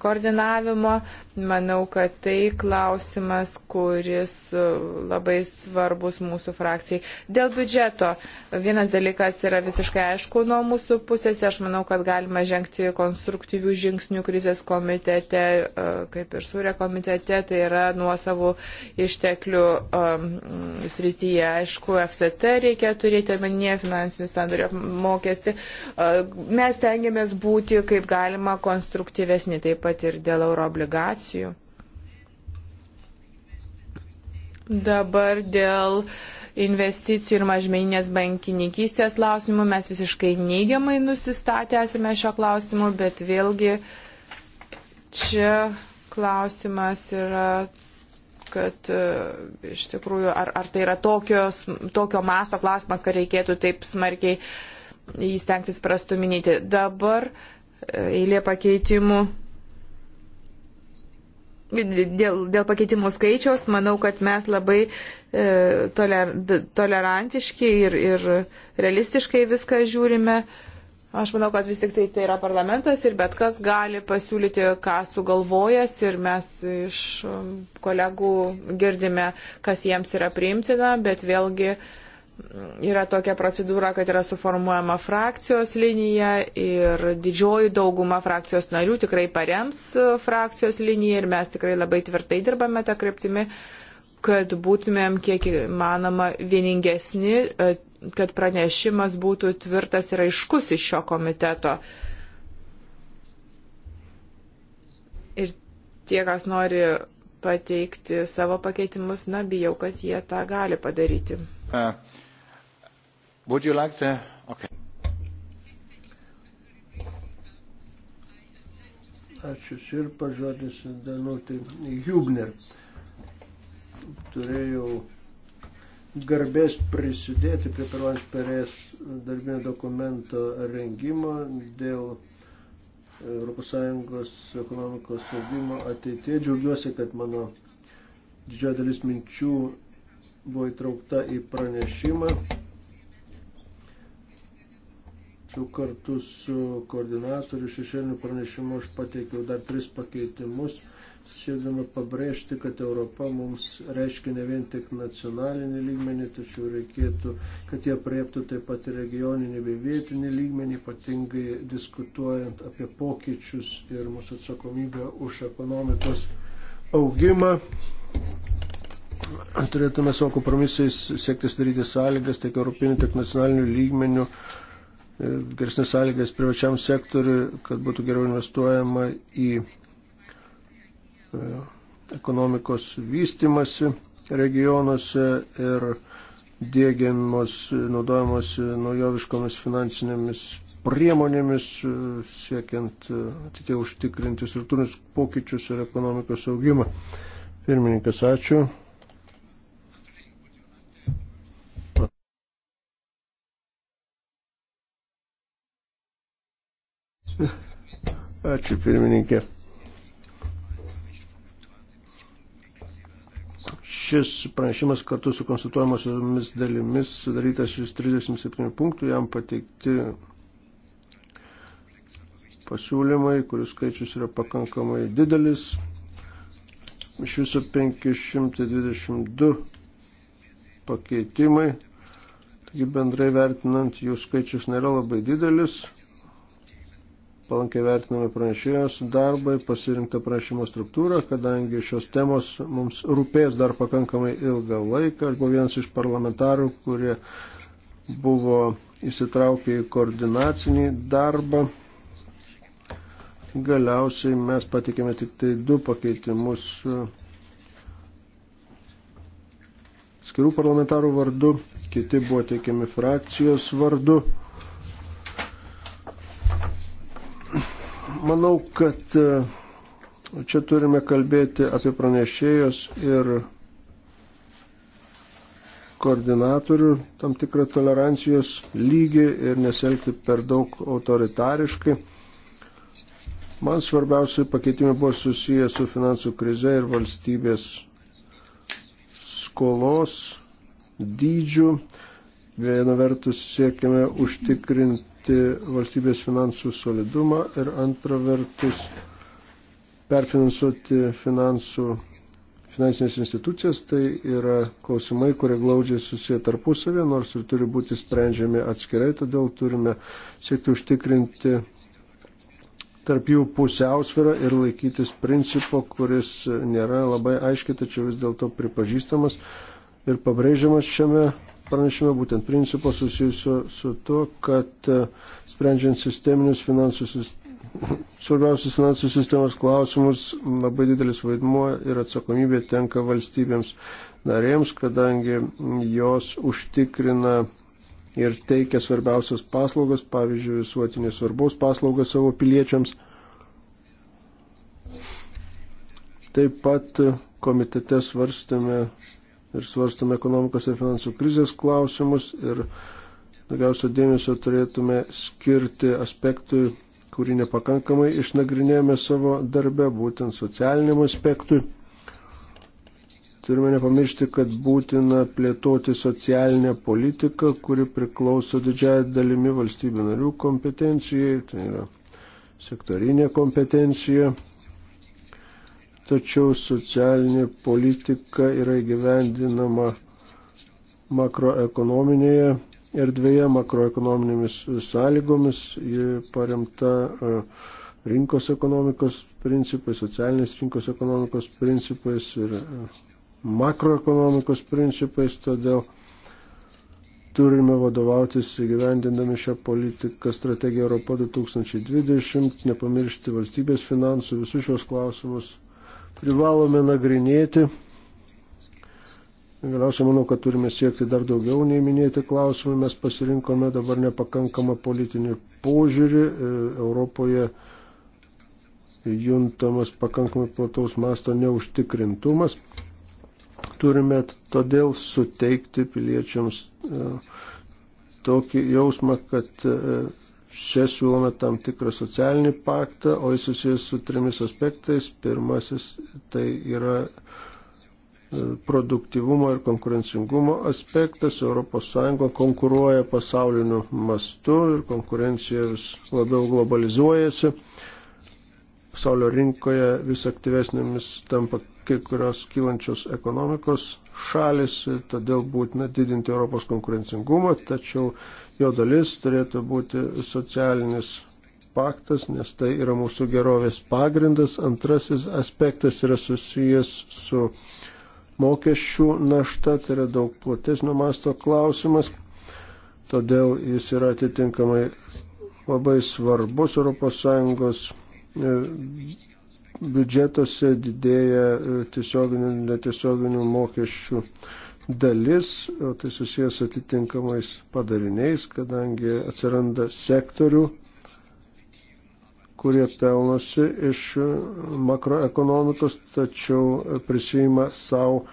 Speaker 3: koordinavimo Manau, kad tai klausimas, kuris e, labai svarbus mūsų frakcijai. Dėl biudžeto vienas dalykas yra visiškai aišku nuo mūsų pusės. Aš manau, kad galima žengti konstruktyvių žingsnių krizės komitete, e, kaip ir surė komitete, tai yra nuo savo išteklių um, srityje. Aišku, FCT reikia turėti omenyje finansinių sandorių mokestį. Mes tengiamės būti kaip galima konstruktyvesni taip pat ir dėl euroobligacijų investicijų. Dabar dėl investicijų ir mažmeninės bankininkystės klausimų mes visiškai neigiamai nusistatę esame šio klausimu, bet vėlgi čia klausimas yra kad e, iš tikrųjų ar, ar tai yra tokios, tokio masto klausimas, kad reikėtų taip smarkiai įstengtis prastuminėti. Dabar e, eilė pakeitimų dėl, dėl pakeitimų skaičiaus, manau, kad mes labai e, toler, tolerantiški ir, ir realistiškai viską žiūrime. Aš manau, kad vis tik tai tai yra parlamentas ir bet kas gali pasiūlyti, ką sugalvojas ir mes iš um, kolegų girdime, kas jiems yra priimtina, bet vėlgi uh, yra tokia procedūra, kad yra suformuojama frakcijos linija ir didžioji dauguma frakcijos narių tikrai parems e, frakcijos liniją ir mes tikrai labai tvirtai dirbame tą kryptimį, kad būtumėm kiek įmanoma vieningesni, e, kad pranešimas būtų tvirtas ir aiškus iš šio komiteto. Ir tie, kas nori pateikti savo pakeitimus, na, bijau, kad jie tą gali padaryti.
Speaker 1: Uh. Would you like to? Okay. Ačiū ir pažodis Danutai Jubner. Turėjau garbės prisidėti prie pirmos perės darbinio dokumento rengimo dėl ES ekonomikos saugimo ateitie. Džiaugiuosi, kad mano didžioji dalis minčių buvo įtraukta į pranešimą. Čia kartu su koordinatoriu šešėliniu pranešimu aš pateikiau dar tris pakeitimus, siekdama pabrėžti, kad Europa mums reiškia ne vien tik nacionalinį lygmenį, tačiau reikėtų, kad jie prieptų taip pat ir regioninį bei vietinį lygmenį, ypatingai diskutuojant apie pokyčius ir mūsų atsakomybę už ekonomikos augimą turėtume savo kompromisais siekti sudaryti sąlygas tiek europinių, tiek nacionalinių lygmenių geresnės sąlygas privačiam sektoriui, kad būtų geriau investuojama į e, ekonomikos vystimasi regionuose ir dėgiamos, naudojamos naujoviškomis finansinėmis priemonėmis, e, siekiant e, atitie užtikrinti struktūrinius pokyčius ir ekonomikos augimą. Pirmininkas, ačiū. Ačiū pirmininkė. Šis pranešimas kartu su konsultuojamosiomis dalimis sudarytas iš 37 punktų, jam pateikti pasiūlymai, kurių skaičius yra pakankamai didelis. Iš viso 522 pakeitimai, taigi bendrai vertinant jų skaičius nėra labai didelis palankiai vertiname pranešėjos darbai, pasirinktą pranešimo struktūrą, kadangi šios temos mums rūpės dar pakankamai ilgą laiką. Aš buvau vienas iš parlamentarų, kurie buvo įsitraukę į koordinacinį darbą. Galiausiai mes patikėme tik tai du pakeitimus skirų parlamentarų vardu, kiti buvo teikiami frakcijos vardu. Manau, kad e, čia turime kalbėti apie pranešėjus ir koordinatorių tam tikrą tolerancijos lygį ir neselgti per daug autoritariškai. Man svarbiausiai pakeitimai buvo susiję su finansų krize ir valstybės skolos dydžiu. Viena vertus siekime užtikrinti stiprinti valstybės finansų solidumą ir antra vertus perfinansuoti finansų, finansinės institucijas, tai yra klausimai, kurie glaudžiai susiję tarpusavė, nors ir turi būti sprendžiami atskirai, todėl turime siekti užtikrinti tarp jų pusiausvyrą ir laikytis principo, kuris nėra labai aiškiai, tačiau vis dėlto pripažįstamas ir pabrėžiamas šiame pranešime būtent principo susijusio su to, kad e, sprendžiant sisteminius finansų [laughs] svarbiausius finansų sistemos klausimus labai didelis vaidmuo ir atsakomybė tenka valstybėms narėms, kadangi jos užtikrina ir teikia svarbiausias paslaugas, pavyzdžiui, visuotinės svarbos paslaugas savo piliečiams. Taip pat komitete svarstame ir svarstame ekonomikos ir finansų krizės klausimus ir daugiausia dėmesio turėtume skirti aspektui, kurį nepakankamai išnagrinėjome savo darbe, būtent socialiniam aspektui. Turime nepamiršti, kad būtina plėtoti socialinę politiką, kuri priklauso didžiai dalimi valstybių narių kompetencijai, tai yra sektorinė kompetencija tačiau socialinė politika yra įgyvendinama makroekonominėje erdvėje, makroekonominėmis sąlygomis, ji paremta e, rinkos ekonomikos principais, socialinės rinkos ekonomikos principais ir e, makroekonomikos principais, todėl turime vadovautis įgyvendindami šią politiką strategiją Europo 2020, nepamiršti valstybės finansų, visus šios klausimus privalome nagrinėti. Galiausiai manau, kad turime siekti dar daugiau nei minėti klausimai. Mes pasirinkome dabar nepakankamą politinį požiūrį. E, Europoje juntamas pakankamai plataus masto neužtikrintumas. Turime todėl suteikti piliečiams e, tokį jausmą, kad e, Čia siūlome tam tikrą socialinį paktą, o jis susijęs su trimis aspektais. Pirmasis tai yra e, produktivumo ir konkurencingumo aspektas. ES konkuruoja pasauliniu mastu ir konkurencija vis labiau globalizuojasi. Pasaulio rinkoje vis aktyvesnėmis tampa kai kurios kylančios ekonomikos šalis ir todėl būtina didinti Europos konkurencingumą, tačiau jo dalis turėtų būti socialinis paktas, nes tai yra mūsų gerovės pagrindas. Antrasis aspektas yra susijęs su mokesčių našta, tai yra daug platesnio masto klausimas, todėl jis yra atitinkamai labai svarbus ES e, biudžetuose didėja e, tiesioginių, netiesioginių mokesčių dalis, o tai susijęs atitinkamais padariniais, kadangi atsiranda sektorių, kurie pelnosi iš makroekonomikos, tačiau prisima savo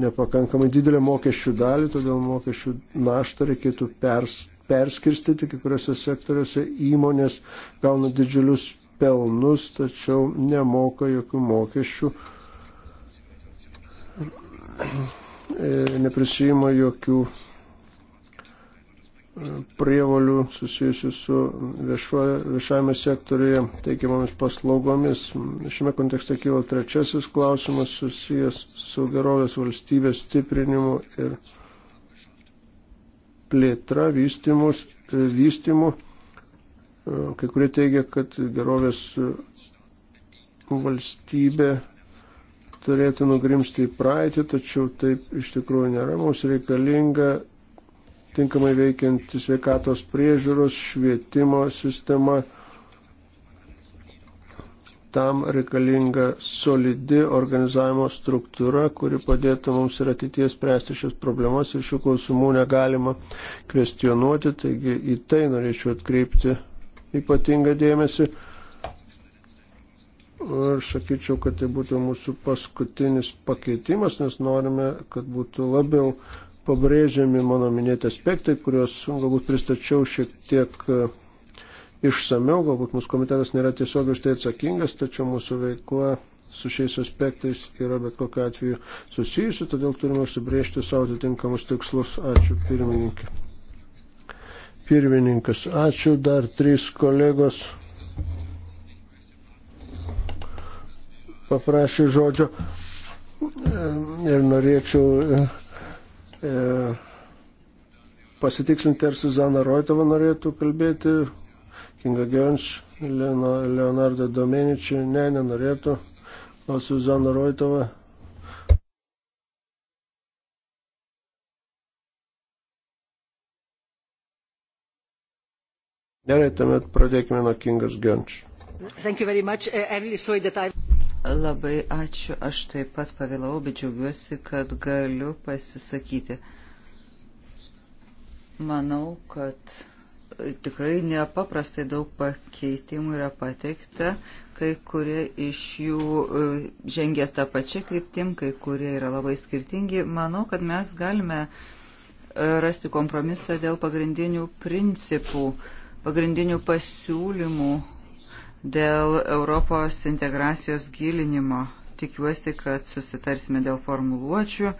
Speaker 1: nepakankamai didelę mokesčių dalį, todėl mokesčių naštą reikėtų pers, perskirstyti, kai kuriuose sektoriuose įmonės gauna didžiulius pelnus, tačiau nemoka jokių mokesčių E, neprisijima jokių e, prievalių susijusių su viešajame sektoriuje teikiamomis paslaugomis. Šiame kontekste kyla trečiasis klausimas susijęs su gerovės valstybės stiprinimu ir plėtra, vystimus, e, vystimu. Kai kurie teigia, kad gerovės valstybė turėtų nugrimsti į praeitį, tačiau taip iš tikrųjų nėra. Mums reikalinga tinkamai veikianti sveikatos priežiūros, švietimo sistema. Tam reikalinga solidi organizavimo struktūra, kuri padėtų mums ir ateities spręsti šias problemas ir šių klausimų negalima kvestionuoti. Taigi į tai norėčiau atkreipti ypatingą dėmesį. Aš sakyčiau, kad tai būtų mūsų paskutinis pakeitimas, nes norime, kad būtų labiau pabrėžiami mano minėti aspektai, kuriuos galbūt pristačiau šiek tiek e, išsameu, galbūt mūsų komitetas nėra tiesiog už tai atsakingas, tačiau mūsų veikla su šiais aspektais yra bet kokiu atveju susijusi, todėl turime užsibriežti savo atitinkamus tikslus. Ačiū pirmininkė. Pirmininkas, ačiū dar trys kolegos. paprašė žodžio e, ir norėčiau e, e, pasitikslinti, ar Suzana Roitova norėtų kalbėti, Kinga Gionč, Leonardo Domeničiai, ne, nenorėtų, o Suzana Roitova. Gerai, tuomet pradėkime nuo Kingas Gionč.
Speaker 2: Thank you very much. Uh, I really sorry that I Labai ačiū, aš taip pat pavėlau, bet džiaugiuosi, kad galiu pasisakyti. Manau, kad e, tikrai nepaprastai daug pakeitimų yra pateikta, kai kurie iš jų e, žengia tą pačią kryptim, kai kurie yra labai skirtingi. Manau, kad mes galime e, rasti kompromisą dėl pagrindinių principų, pagrindinių pasiūlymų dėl Europos integracijos gilinimo. Tikiuosi, kad susitarsime dėl formuluočių.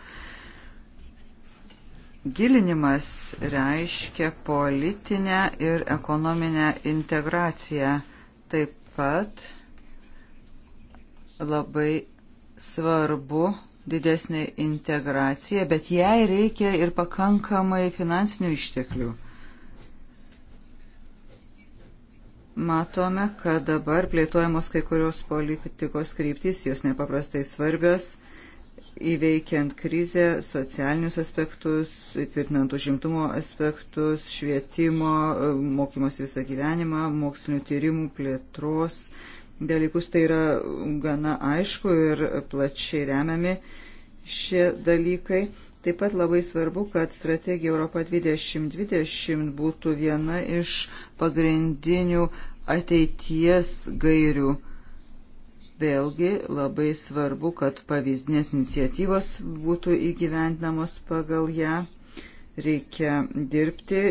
Speaker 2: Gilinimas reiškia politinę ir ekonominę integraciją. Taip pat labai svarbu didesnė integracija, bet jai reikia ir pakankamai finansinių išteklių. matome, kad dabar plėtojamos kai kurios politikos kryptys, jos nepaprastai svarbios, įveikiant krizę, socialinius aspektus, tvirtinant užimtumo aspektus, švietimo, mokymosi visą gyvenimą, mokslinių tyrimų, plėtros dalykus. Tai yra gana aišku ir plačiai remiami šie dalykai. Taip pat labai svarbu, kad strategija Europa 2020 būtų viena iš pagrindinių ateities gairių. Vėlgi labai svarbu, kad pavyzdinės iniciatyvos būtų įgyvendinamos pagal ją. Reikia dirbti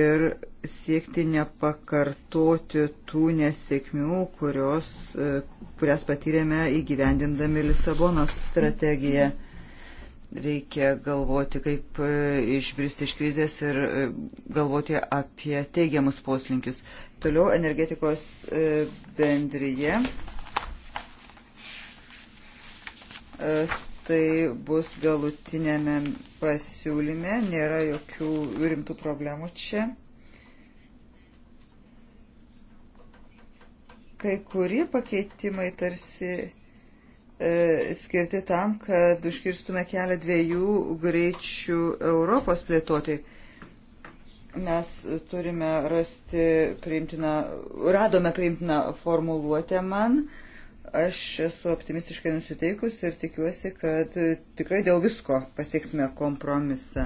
Speaker 2: ir siekti nepakartoti tų nesėkmių, kurios, e, kurias patyrėme įgyvendindami Lisabonos strategiją. Reikia galvoti, kaip e, išbristi iš krizės ir e, galvoti apie teigiamus poslinkius. Toliau energetikos e, bendryje. E, tai bus galutinėme pasiūlyme, nėra jokių rimtų problemų čia. Kai kurie pakeitimai tarsi e, skirti tam, kad užkirstume kelią dviejų greičių Europos plėtoti. Mes turime rasti priimtiną, radome priimtiną formuluotę man. Aš esu optimistiškai nusiteikus ir tikiuosi, kad tikrai dėl visko pasieksime kompromisą.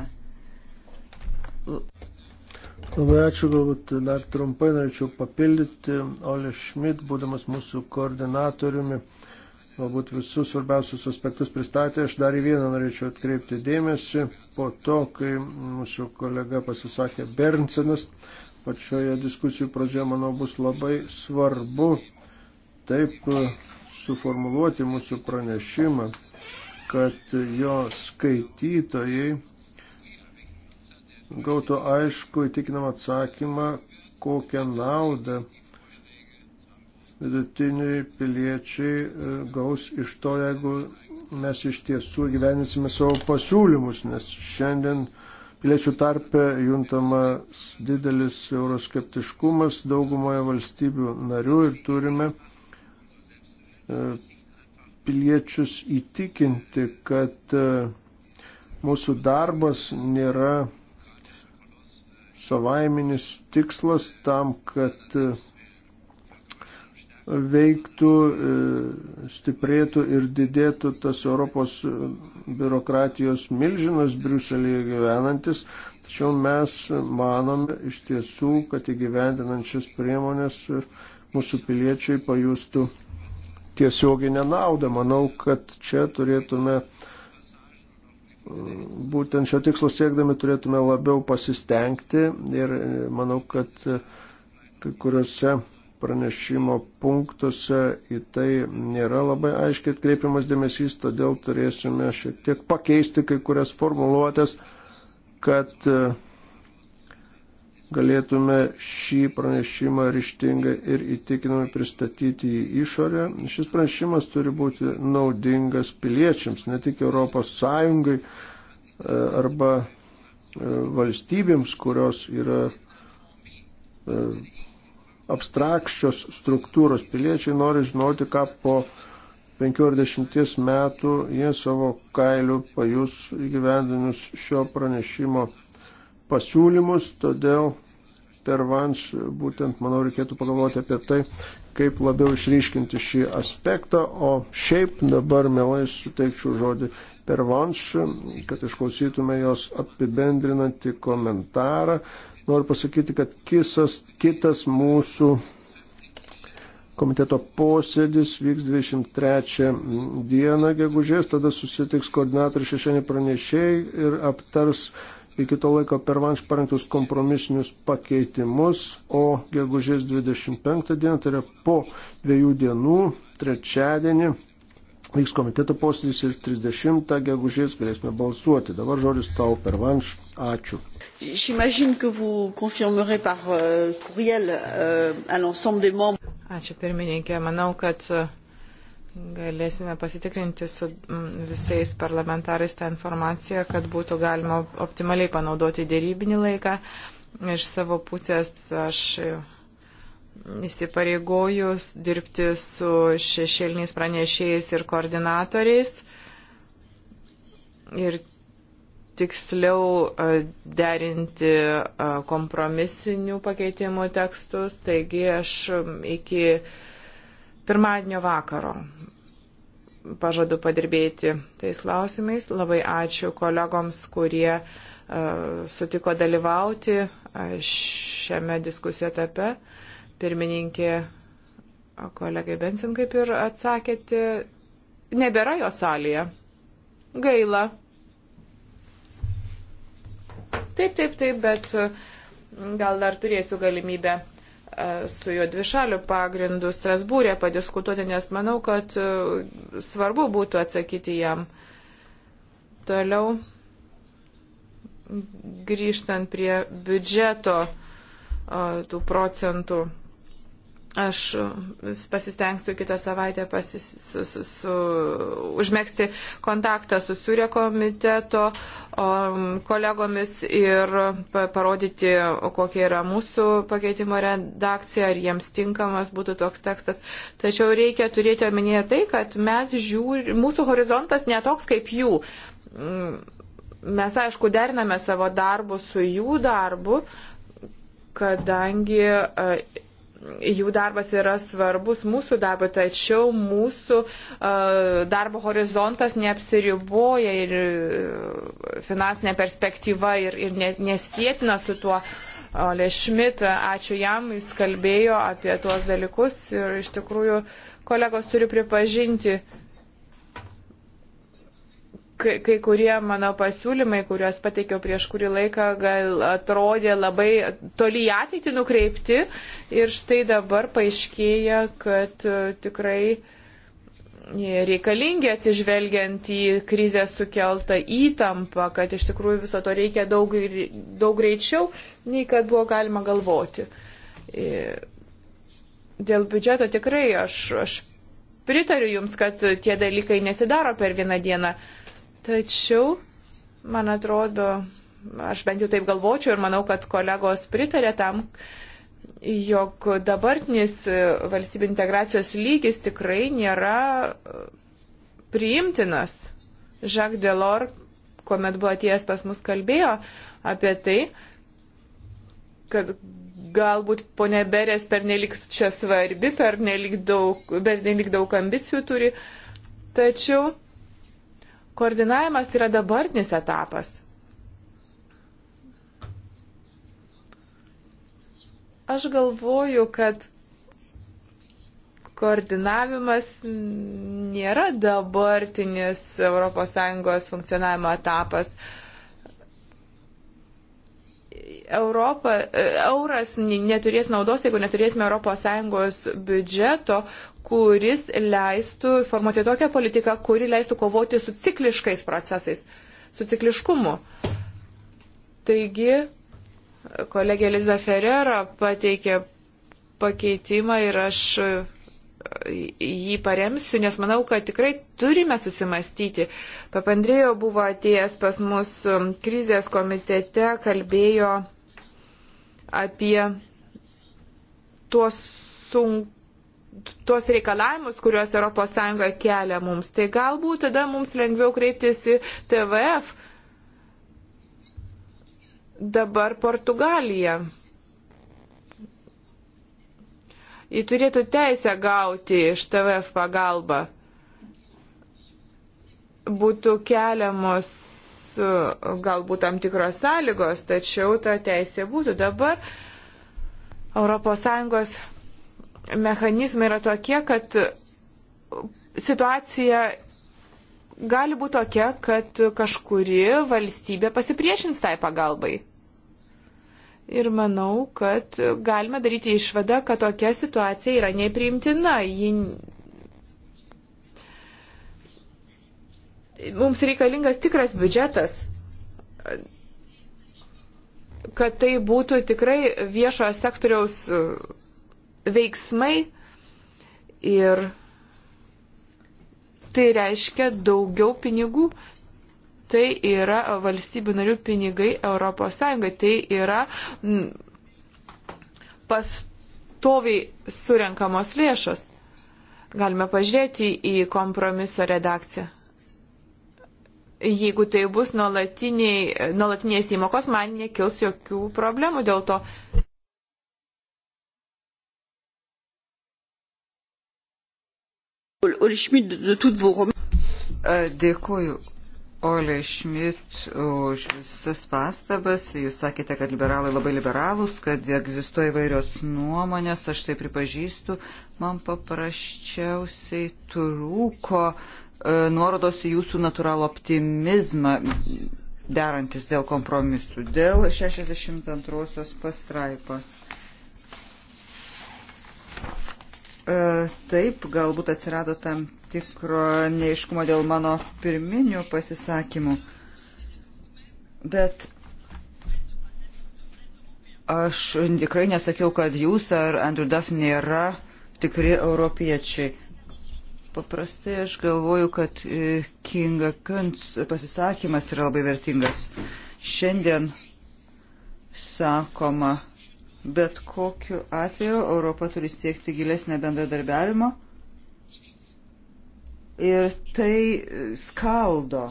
Speaker 1: Labai ačiū, galbūt dar trumpai norėčiau papildyti. Ole Šmit, būdamas mūsų koordinatoriumi, galbūt visus svarbiausius aspektus pristatė. Aš dar į vieną norėčiau atkreipti dėmesį. Po to, kai mūsų kolega pasisakė Bernsenas, pačioje diskusijų pradžioje, manau, bus labai svarbu taip suformuluoti mūsų pranešimą, kad jo skaitytojai gautų aišku įtikinamą atsakymą, kokią naudą vidutiniai piliečiai e, gaus iš to, jeigu mes iš tiesų gyvenysime savo pasiūlymus, nes šiandien piliečių tarpe juntamas didelis euroskeptiškumas daugumoje valstybių narių ir turime e, piliečius įtikinti, kad e, mūsų darbas nėra savaiminis tikslas tam, kad veiktų, e, stiprėtų ir didėtų tas Europos e, biurokratijos milžinas Briuselėje gyvenantis. Tačiau mes manome iš tiesų, kad įgyvendinant šias priemonės e, mūsų piliečiai pajustų tiesioginę naudą. Manau, kad čia turėtume, būtent šio tikslo siekdami turėtume labiau pasistengti ir manau, kad kai kuriuose pranešimo punktuose į tai nėra labai aiškiai atkreipiamas dėmesys, todėl turėsime šiek tiek pakeisti kai kurias formuluotės, kad e, galėtume šį pranešimą ryštingai ir įtikinamai pristatyti į išorę. Šis pranešimas turi būti naudingas piliečiams, ne tik ES e, arba e, valstybėms, kurios yra abstrakčios struktūros. Piliečiai nori žinoti, ką po 50 metų jie savo kailių pajus įgyvendinus šio pranešimo pasiūlymus, todėl per vans būtent, manau, reikėtų pagalvoti apie tai, kaip labiau išryškinti šį aspektą, o šiaip dabar mielai suteikčiau žodį per vans, kad išklausytume jos apibendrinantį komentarą Noriu pasakyti, kad kisas, kitas mūsų komiteto posėdis vyks 23 dieną gegužės, tada susitiks koordinatoriai šešienį pranešėjai ir aptars iki to laiko per vanš parengtus kompromisinius pakeitimus, o gegužės 25 dieną, tai yra po dviejų dienų, trečiadienį, vyks komiteto posėdis ir 30 gegužės galėsime balsuoti. Dabar žodis tau per vanš. Ačiū.
Speaker 2: Euh,
Speaker 3: euh, Ačiū pirmininkė. Manau, kad uh, galėsime pasitikrinti su mm, visais parlamentarais tą informaciją, kad būtų galima optimaliai panaudoti dėrybinį laiką. Iš savo pusės aš įsipareigojus dirbti su šešėliniais pranešėjais ir koordinatoriais ir tiksliau e, derinti e, kompromisinių pakeitimų tekstus. Taigi aš iki pirmadienio vakaro pažadu padirbėti tais klausimais. Labai ačiū kolegoms, kurie e, sutiko dalyvauti šiame diskusijų etape. Pirmininkė, kolegai Bensin, kaip ir atsakėte, nebėra jo salėje. Gaila. Taip, taip, taip, bet mm, gal dar turėsiu galimybę e, su juo dvišaliu pagrindu Strasbūrė padiskutuoti, nes manau, kad e, svarbu būtų atsakyti jam. Toliau grįžtant prie biudžeto e, tų procentų Aš e, pasistengsiu kitą savaitę pasis, su, su, su, užmėgsti kontaktą su Siūrė komiteto o, kolegomis ir pa, parodyti, kokia yra mūsų pakeitimo redakcija, ar jiems tinkamas būtų toks tekstas. Tačiau reikia turėti omenyje tai, kad mes žiūri, mūsų horizontas netoks kaip jų. Mm, mes, aišku, deriname savo darbus su jų darbu, kadangi e, jų darbas yra svarbus mūsų darbui, tačiau mūsų darbo horizontas neapsiriboja ir e, finansinė perspektyva ir, ir nesėtina su tuo. Ole Šmit, ačiū jam, jis kalbėjo apie tuos dalykus ir iš tikrųjų kolegos turi pripažinti, kai, kai kurie mano pasiūlymai, kuriuos pateikiau prieš kurį laiką, gal atrodė labai toli į ateitį nukreipti ir štai dabar paaiškėja, kad e, tikrai e, reikalingi atsižvelgiant į krizę sukeltą įtampą, kad iš tikrųjų viso to reikia daug, daug greičiau, nei kad buvo galima galvoti. E, dėl biudžeto tikrai aš, aš pritariu Jums, kad tie dalykai nesidaro per vieną dieną. Tačiau, man atrodo, aš bent jau taip galvočiau ir manau, kad kolegos pritarė tam, jog dabartinis e, valstybių integracijos lygis tikrai nėra e, priimtinas. Jacques Delors, kuomet buvo atėjęs pas mus, kalbėjo apie tai, kad galbūt ponia Berės pernelik čia svarbi, pernelik daug, pernelik daug ambicijų turi. Tačiau Koordinavimas yra dabartinis etapas. Aš galvoju, kad koordinavimas nėra dabartinis ES funkcionavimo etapas. Uh, Europa, e, euras neturės naudos, jeigu neturėsime ES biudžeto, kuris leistų formuoti tokią politiką, kuri leistų kovoti su cikliškais procesais, su cikliškumu. Taigi, kolegė Liza Ferrera pateikė pakeitimą ir aš jį paremsiu, nes manau, kad tikrai turime susimastyti. Papandrėjo buvo atėjęs pas mus um, krizės komitete, kalbėjo apie tuos sunkumus tuos reikalavimus, kuriuos ES kelia mums, tai galbūt tada mums lengviau kreiptis į TVF. Dabar Portugalija. turėtų teisę gauti iš TVF pagalbą. Būtų keliamos e, galbūt tam tikros sąlygos, tačiau ta teisė būtų. Dabar ES mechanizmai yra tokie, kad situacija gali būti tokia, kad kažkuri valstybė pasipriešins tai pagalbai. Ir manau, kad galime daryti išvadą, kad tokia situacija yra nepriimtina. Ji... Mums reikalingas tikras biudžetas, kad tai būtų tikrai viešojo sektoriaus veiksmai ir tai reiškia daugiau pinigų tai yra valstybių narių pinigai ES, tai yra pastoviai surenkamos lėšos. Galime pažiūrėti į kompromiso redakciją jeigu tai bus nuolatinės įmokos, man nekils jokių problemų dėl to.
Speaker 2: Dėkuoju Ole Schmidt už visas pastabas. Jūs sakėte, kad liberalai labai liberalūs, kad egzistuoja įvairios nuomonės, aš tai pripažįstu. Man paprasčiausiai trūko e, nuorodos į jūsų natūralų optimizmą derantis dėl kompromisų, dėl 62 pastraipos. E, taip, galbūt atsirado tam tikro neiškumo dėl mano pirminių pasisakymų. Bet aš tikrai nesakiau, kad jūs ar Andrew Duff nėra tikri europiečiai. Paprastai aš galvoju, kad e, Kinga Kunts pasisakymas yra labai vertingas. Šiandien sakoma, bet kokiu atveju Europa turi siekti gilesnę bendradarbiavimo ir tai skaldo.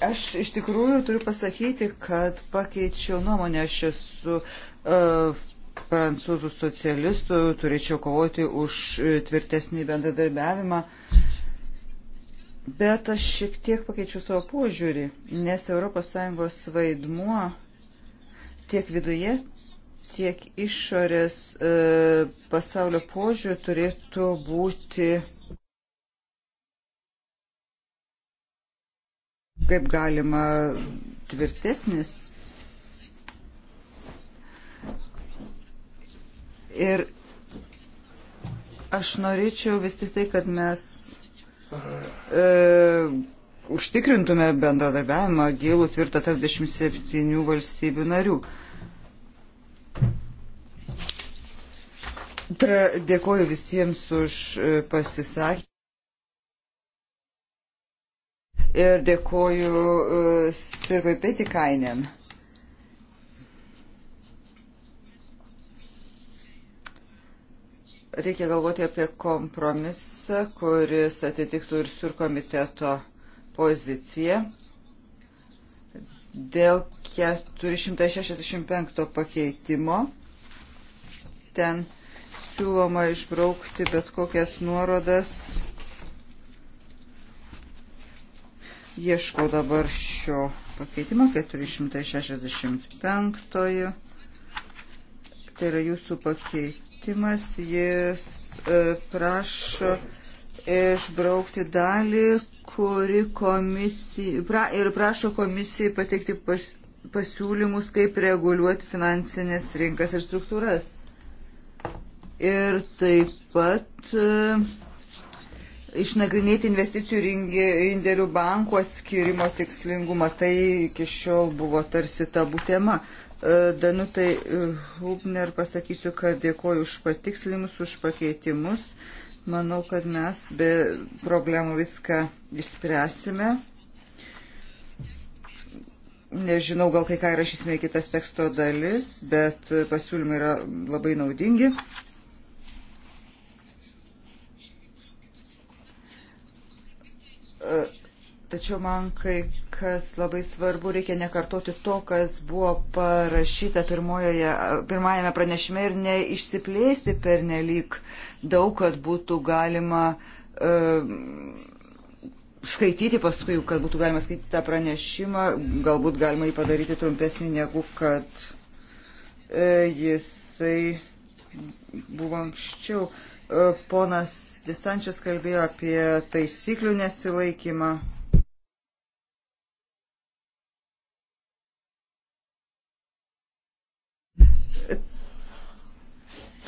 Speaker 2: Aš iš tikrųjų turiu pasakyti, kad pakeičiau nuomonę, aš esu uh, prancūzų socialistų, turėčiau kovoti už tvirtesnį bendradarbiavimą, bet aš šiek tiek pakeičiau savo požiūrį, nes ES vaidmuo tiek viduje, tiek išorės e, pasaulio požiūrių turėtų būti kaip galima tvirtesnis. Ir aš norėčiau vis tik tai, kad mes e, užtikrintume bendradarbiavimą gilų tvirtą tarp 27 valstybių narių. E, Dėkoju visiems už e, pasisakymą. Ir dėkoju e, Sirvai Petikainen. Reikia galvoti apie kompromisą, kuris atitiktų ir surkomiteto poziciją dėl 465 pakeitimo. Ten siūloma išbraukti bet kokias nuorodas. Ieškau dabar šio pakeitimo 465. Tai yra jūsų pakeitimas. Jis e, prašo išbraukti dalį, kuri komisija pra, ir prašo komisijai pateikti pas, pasiūlymus, kaip reguliuoti finansinės rinkas ir struktūras. Ir taip pat e, išnagrinėti investicijų indėlių bankų atskirimo tikslingumą. Tai iki šiol buvo tarsi tabu tema. E, Danutai e, Hubner pasakysiu, kad dėkoju už patikslimus, už pakeitimus. Manau, kad mes be problemų viską išspręsime. Nežinau, gal kai ką įrašysime į kitas teksto dalis, bet pasiūlymai yra labai naudingi. E, tačiau man kai kas labai svarbu, reikia nekartoti to, kas buvo parašyta pirmojoje, pirmajame pranešime ir neišsiplėsti per nelik daug, kad būtų galima uh, skaityti paskui, kad būtų galima skaityti tą pranešimą, galbūt galima jį padaryti trumpesnį negu kad e, jisai buvo anksčiau. E, ponas Distančias kalbėjo apie taisyklių nesilaikymą.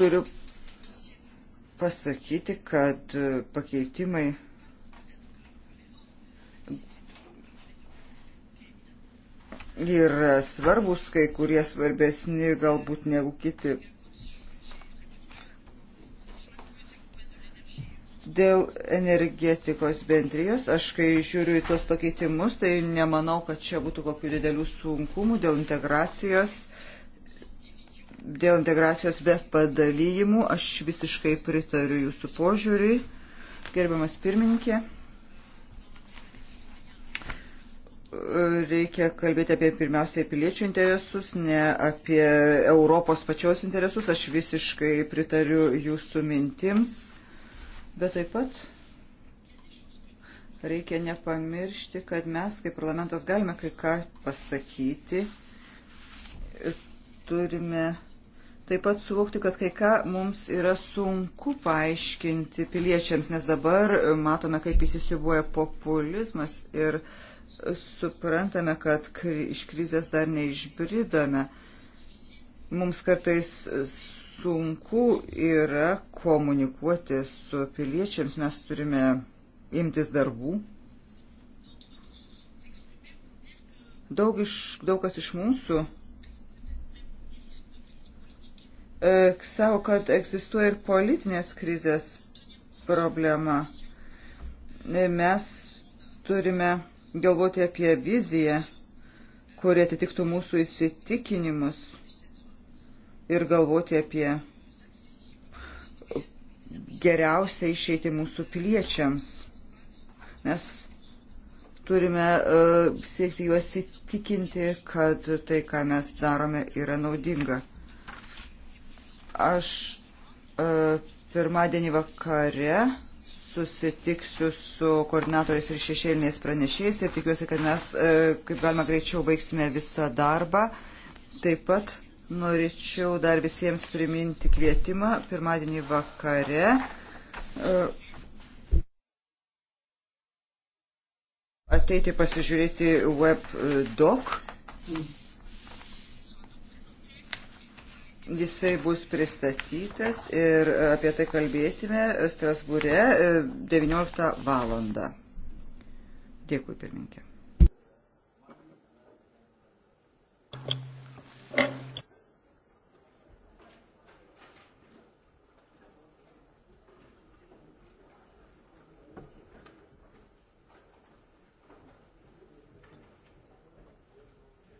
Speaker 2: Turiu pasakyti, kad pakeitimai yra svarbus, kai kurie svarbesni galbūt negu kiti. Dėl energetikos bendrijos, aš kai žiūriu į tos pakeitimus, tai nemanau, kad čia būtų kokių didelių sunkumų dėl integracijos. Dėl integracijos be padalyjimų aš visiškai pritariu jūsų požiūriui. Gerbiamas pirmininkė. reikia kalbėti apie pirmiausiai piliečių interesus, ne apie Europos pačios interesus. Aš visiškai pritariu jūsų mintims, bet taip pat reikia nepamiršti, kad mes kaip parlamentas galime kai ką pasakyti. Turime taip pat suvokti, kad kai ką mums yra sunku paaiškinti piliečiams, nes dabar matome, kaip įsisiubuoja populizmas ir uh, suprantame, kad iš krizės dar neišbridome. Mums kartais sunku yra komunikuoti su piliečiams, mes turime imtis darbų. Daug, iš, daug kas iš mūsų e, savo, kad egzistuoja ir politinės krizės problema. E, mes turime galvoti apie viziją, kuri atitiktų mūsų įsitikinimus ir galvoti apie geriausią išeitį mūsų piliečiams. Mes turime uh, siekti juos įtikinti, kad tai, ką mes darome, yra naudinga. Aš uh, pirmadienį vakare uh, susitiksiu su koordinatoriais ir šešėliniais pranešėjais ir tikiuosi, kad mes e, kaip galima greičiau baigsime visą darbą. Taip pat norėčiau dar visiems priminti kvietimą pirmadienį vakare. E, ateiti pasižiūrėti web doc. Mm. Jisai bus pristatytas ir apie tai kalbėsime Strasbūre 19 e, valandą. Dėkui, pirmininkė.